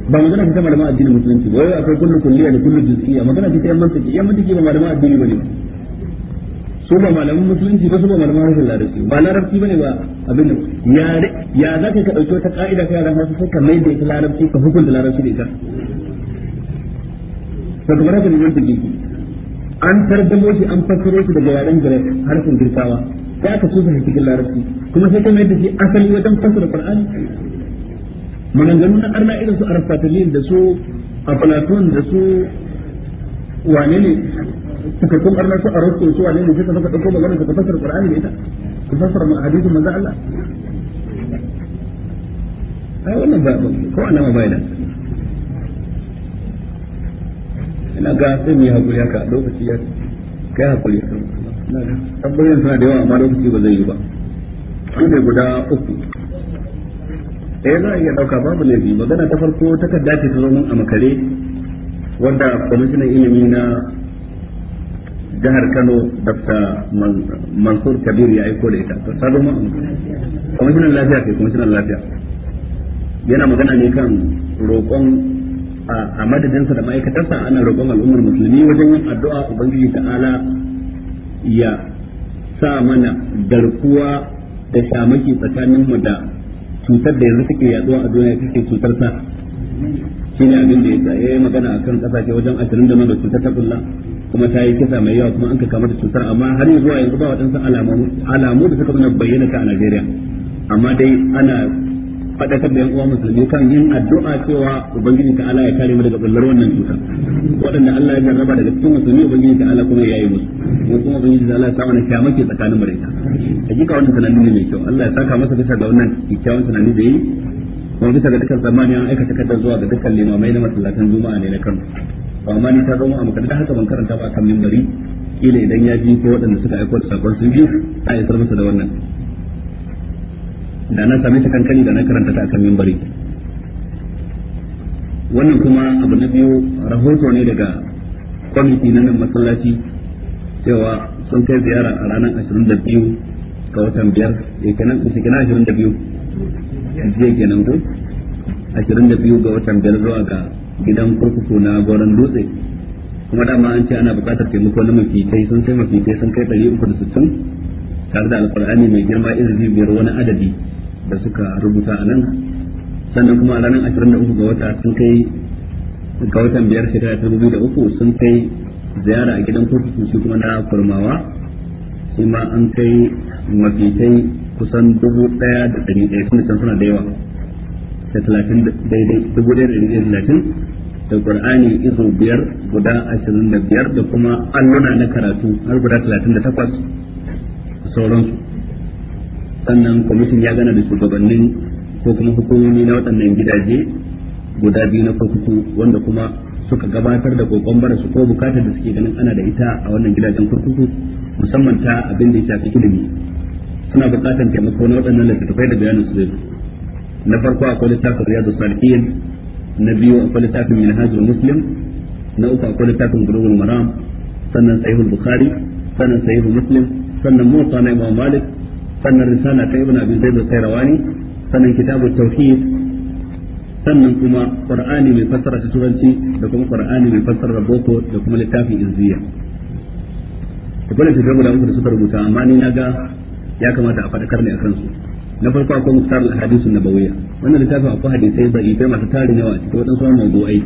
ba magana ce ta malama addinin musulunci wai akwai kullu kulliya da kullu juz'iyya magana ce ta yan mantiki yan mantiki ba malama addini bane ba su ba malaman musulunci ba su ba malaman harshen larabci ba larabci bane ba abin da ya za ka dauki wata ka'ida ta yaran hausa sai ka mai da ita larabci ka hukunta larabci da ita to kamar haka ne mantiki an tarjamo shi an fassaro shi daga yaren gare harshen girkawa sai aka tsufa shi cikin larabci kuma sai ka mai da shi asali wajen fassara qur'ani maganganu na karna irin su arfatilin da su aflatun da su wane ne cikakkun karna su su wane ne suka su fasar da ita fasar ma Allah ai wannan ba ko ina ga sai mu hakuri lokaci ya kai hakuri tabbayin da yawa amma lokaci ba zai yi ba su guda uku eh za a iya dauka babu ne bi magana ta farko takarda ce ta zo mun a makare wanda kwamishinan ilimi na jihar Kano Dr. Mansur Kabir ya aiko da ita ta zo mun kwamishinan lafiya ke kwamishinan lafiya yana magana ne kan roƙon a madadinsa da ma'aikatarsa ana roƙon al'ummar musulmi wajen yin addu'a ubangiji ta'ala ya sa mana garkuwa da shamaki tsakaninmu da cutar da yanzu take yaduwa a duniya suke cutar ta shi ne abin da yasa yayi magana akan kasashe wajen ashirin da mada cutar ta kulla kuma ta yi kisa mai yawa kuma an kama da cutar amma har yanzu a yanzu ba waɗansu alamu da suka zana bayyana ta a Najeriya amma dai ana fadakar da yan uwa musulmi kan yin addu'a cewa ubangiji ta ala ya kare mu daga bullar wannan cuta waɗanda Allah ya jarraba daga cikin musulmi ubangiji ta ala kuma ya yi musu ko kuma ubangiji ta ala ya samu na kyamake tsakanin marita da ita hakika wannan tunani ne mai kyau Allah ya saka masa bisa ga wannan kyakkyawan tunani da yi kuma bisa ga dukkan zamani an aika takardar zuwa ga dukkan limamai na masallatan juma'a ne na Kano ba ma ni ta zama a makarantar haka ban karanta ba kan mimbari kila idan ya ji ko waɗanda suka aiko da sabon sun ji a yi sarmasa da wannan da na same ta kankani da na karanta ta kan mimbari wannan kuma abu na biyu rahoto ne daga kwamiti na nan masallaci cewa sun kai ziyara a ranar 22 ga watan biyar ya eh, kenan da shi kenan 22 jiya kenan ko 22 ga watan biyar zuwa ga gidan kurkuku na goron dutse kuma dama an ce ana bukatar taimako na mafitai sun kai mafitai sun kai 360 tare da alkur'ani mai girma izini biyar wani adadi da suka rubuta a nan sannan kuma a ranar ashirin da uku ga wata sun kai ga watan biyar shekara ta dubu da uku sun kai ziyara a gidan kurkukun shi kuma na kurmawa shi ma an kai mafitai kusan dubu ɗaya da dari daya tun da can suna da yawa da talatin daidai dubu daya da dari daya talatin da qur'ani izo biyar guda ashirin da biyar da kuma alluna na karatu har guda talatin da takwas sauransu sannan kwamishin ya gana da shugabannin ko kuma hukumomi na waɗannan gidaje guda biyu na kurkuku wanda kuma suka gabatar da kokon bara su ko bukatar da suke ganin ana da ita a wannan gidajen kurkuku musamman ta abin da ya shafi ilimi suna bukatar taimako na waɗannan littattafai da bayanin su zai na farko akwai littafin riyadu salihin na biyu akwai littafin minhajul muslim na uku akwai littafin bulugul maram sannan sahihul bukhari sannan sahihul muslim sannan musa na imam malik sannan risala ta ibn abi zaid al-qayrawani sannan kitabut tauhid sannan kuma qur'ani mai fassara ta turanci da kuma qur'ani mai fassara boko da kuma littafin izziya da kuma ta guda uku da suka rubuta amma ni naga ya kamata a faɗakar ne akan su na farko akwai muktar al-hadith an-nabawiyya wannan littafin akwai hadisai da ibai masu tarin yawa cikin wadansu mawdu'ai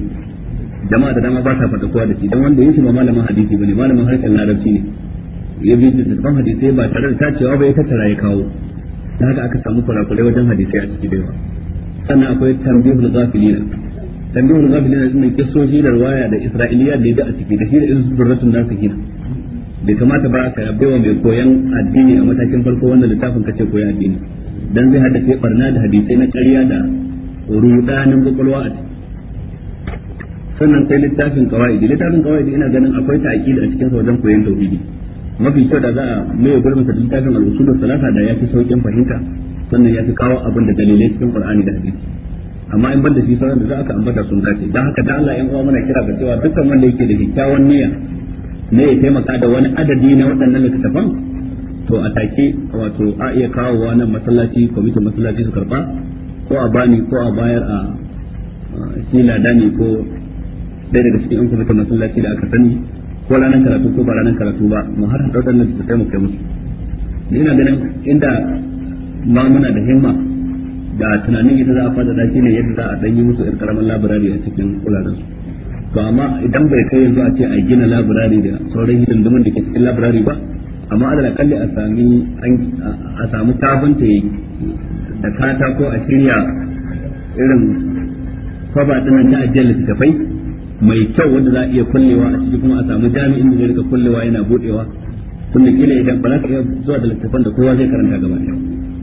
jama'a da dama ba ta faɗa kowa da shi dan wanda yake ba malamin hadisi bane malamin harshen larabci ne ya bi littattafan hadisai ba tare da tacewa ba ya tattara ya kawo da haka aka samu kurakurai wajen hadisai a ciki da yawa sannan akwai tambihul ghafilina tambihul ghafilina din kisoji da ruwaya da isra'iliya da yadda a ciki da shi da irin durratun nasihin bai kamata ba ka baiwa mai koyan addini a matakin farko wanda littafin kace koyan addini dan zai hada sai barna da hadisai na ƙarya da rudanin kwakwalwa a ciki sannan sai littafin kawaidi littafin kawaidi ina ganin akwai ta'aqid a cikin sa wajen koyan tauhidi mafi kyau da za a mai gurbin sadin littafin al-usul salata da ya fi saukin fahimta sannan ya fi kawo abin da dalilai cikin Qur'ani da hadisi amma in banda shi sauran da za ka ambata sun dace dan haka da Allah yan uwa muna kira ga cewa dukkan wanda yake da kyakkyawan niyya ne ya taimaka da wani adadi na waɗannan littattafan to a take wato a iya kawo wannan masallaci kwamitin masallaci su karba ko a bani ko a bayar a shi ladani ko ɗaya daga cikin yan kwamitin masallaci da aka sani ko ranar karatu ko ba ranar karatu ba mu har haɗa wannan su kai mu kai musu ina ganin inda ma muna da himma da tunanin yadda za a fada da ne yadda za a ɗan yi musu irin ƙaramin labirari a cikin kularan su to amma idan bai kai yanzu a ce a gina labirari da sauran hidindimin da ke cikin labirari ba amma adala kalli a sami a samu da kata ko a shirya irin kwaba ɗin ta ajiyar littattafai mai kyau wanda za a iya kullewa a ciki kuma a samu jami'in da zai rika kullewa yana budewa kun kila idan ba za ka iya zuwa da littafan da kowa zai karanta gaba ɗaya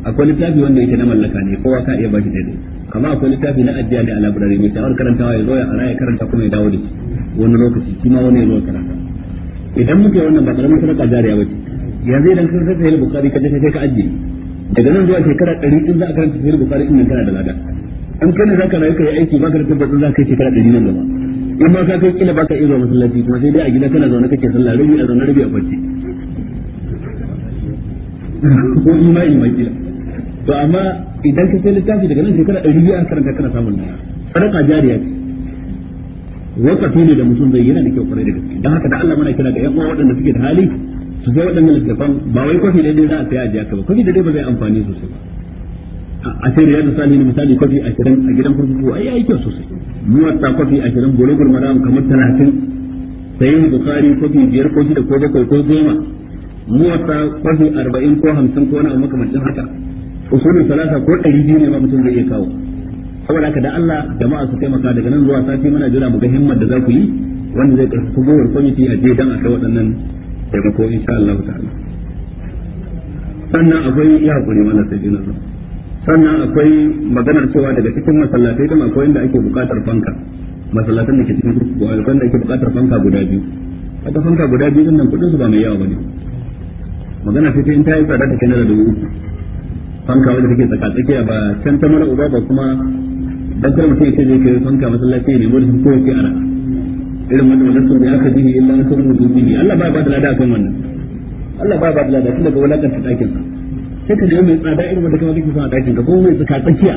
akwai littafi wanda yake na mallaka ne kowa ka iya bashi daidai amma akwai littafi na ajiya ne a labirari mai sha'awar karantawa ya zo ya ara ya karanta kuma ya dawo da shi wani lokaci shi ma wani ya zo karanta idan muke wannan ba karamin sadaka jariya ba ce yanzu idan ka sai sahih bukhari ka je sai ka ajiye daga nan zuwa shekara ɗari in za a karanta sahih bukhari in kana da lada an kai ne ka rayu kai aiki ba ka da tabbacin za ka yi shekara ɗari nan gaba in ma ka kai kila baka iya zuwa masallaci kuma sai dai a gida kana zaune kake sallah rabi a zaune rabi a barci ko imani ma kila to amma idan ka sai littafi daga nan shekara ɗari biyu an karanta kana samun nan sadaka jariya ce wakafi ne da mutum zai yana da kyau kwarai da gaske don haka da Allah muna kira ga yan uwa waɗanda suke da hali su sai waɗannan littafan ba wai kwafi daidai za a saya a jiya ka ba kwafi daidai ba zai amfani sosai ba a sai da yadda salihin misali kwafi ashirin a gidan kurkuku ai yayi kyau sosai muwatta kwafi ashirin bulugul maram kamar talatin sayin bukari kwafi biyar ko shida ko bakwai ko goma muwatta kwafi arba'in ko hamsin ko wani abu makamancin haka usulun salasa ko ɗari biyu ne ma mutum zai iya kawo saboda haka da Allah jama'a su taimaka daga nan zuwa sati muna jira mu ga himmar da za ku yi wanda zai karfafa gowar kwamiti a je dan a kai waɗannan taimako insha Allah ta'ala sannan akwai ya hakuri mana sai zuwa sannan akwai maganar cewa daga cikin masallatai kuma akwai inda ake buƙatar fanka masallatan da ke cikin kurkuku akwai inda ake buƙatar fanka guda biyu haka fanka guda biyu din nan kudin su ba mai yawa bane magana ce ta in ta yi tsada ta kenan da dubu uku fanka wanda take tsaka tsakiya ba can ta mara uba ba kuma dan kar mutum ya ce zai kai fanka masallaci ne mutum ko yake ara irin wanda wanda sun ya kaji illa an mutu rubutu Allah ba ba da lada kan wannan Allah ba ba da lada tun daga wulakan ta dakin sa sai ka ga mai tsada irin wanda kuma kake son a dakin ka ko mai tsaka tsakiya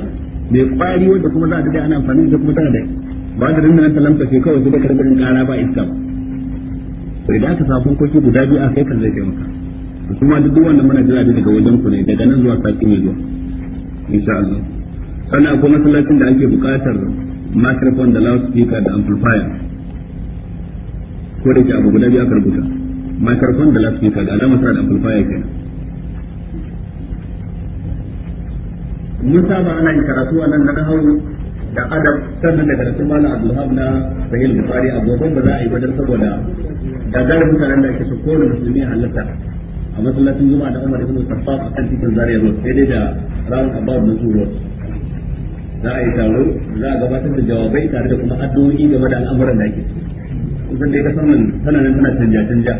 mai kwari wanda kuma za a dade ana amfani da kuma tana da ba da rinna ta lamta shi kawai da karbin kara ba iska ba sai da ka samu koki guda biyu a kai kan zai taimaka kuma duk wannan muna jira daga wajen ku ne daga nan zuwa sati mai zuwa insha Allah sannan akwai masallacin da ake buƙatar microphone da loudspeaker da amplifier ko da ke abu guda biyu aka rubuta microphone da loudspeaker da alamar da amplifier kenan mun saba ana yin karatu a nan na nahawu da adab sannan da karatun malam abdulhab na sahih bukhari a gobe ba za a yi badar saboda da zarar mutanen da ake so kowane musulmi a halatta a masallacin juma'a da umar ibn saffaf a kan titin zaria road sai dai da ran abab na su za a yi taro za a gabatar da jawabai tare da kuma addu'o'i game da al'amuran da ake kusan dai kasan nan tana nan tana canja canja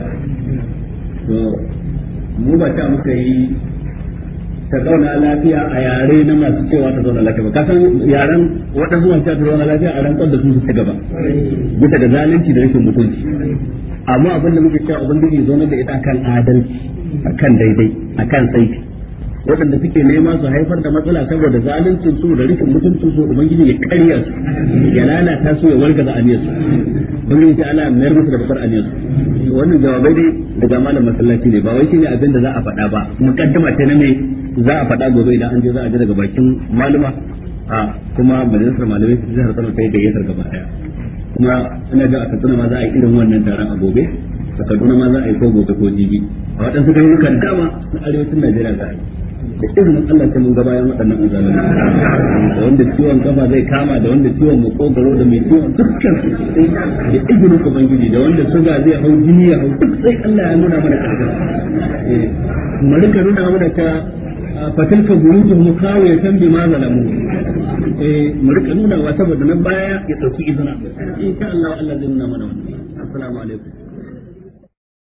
to mu ba ta muka yi ta zauna lafiya a yare na masu cewa ta zauna lafiya ka san yaren waɗansu masu cewa ta zauna lafiya a rantsar da su su ta gaba bisa ga zalunci da rashin mutunci amma abin da muke cewa ubangiji zauna da ita kan adalci akan daidai akan saiti waɗanda suke nema su haifar da matsala saboda zaluncin su da rikin mutuncin su ubangiji ya karya su ya lalata su ya da aniyarsu don yin ta ala mayar musu da bakar aniyarsu Wani wannan jawabai dai daga malam masallaci ne ba wai shine abin da za a faɗa ba mukaddama ce na mai za a faɗa gobe idan an je za a ji daga bakin maluma a kuma majalisar malamai su jihar Kano sai gayyatar gaba daya kuma ina ga a Katsina ma za a yi irin wannan taron a gobe a Kaduna ma za a yi ko gobe ko jibi a waɗansu garurukan dama na arewacin Najeriya za a yi da irin Allah ta mun ga bayan waɗannan azalimi da wanda ciwon kafa zai kama da wanda ciwon makogaro da mai ciwon dukkan su da izinin ubangiji da wanda suga zai hau jini ya hau duk sai Allah ya nuna mana ƙarfi eh, mu rika nuna mana ta fatilka buyutuhum khawiyatan bima zalamu eh mu rika nuna wa saboda nan baya ya dauki izina insha Allah Allah zai nuna mana wannan assalamu alaikum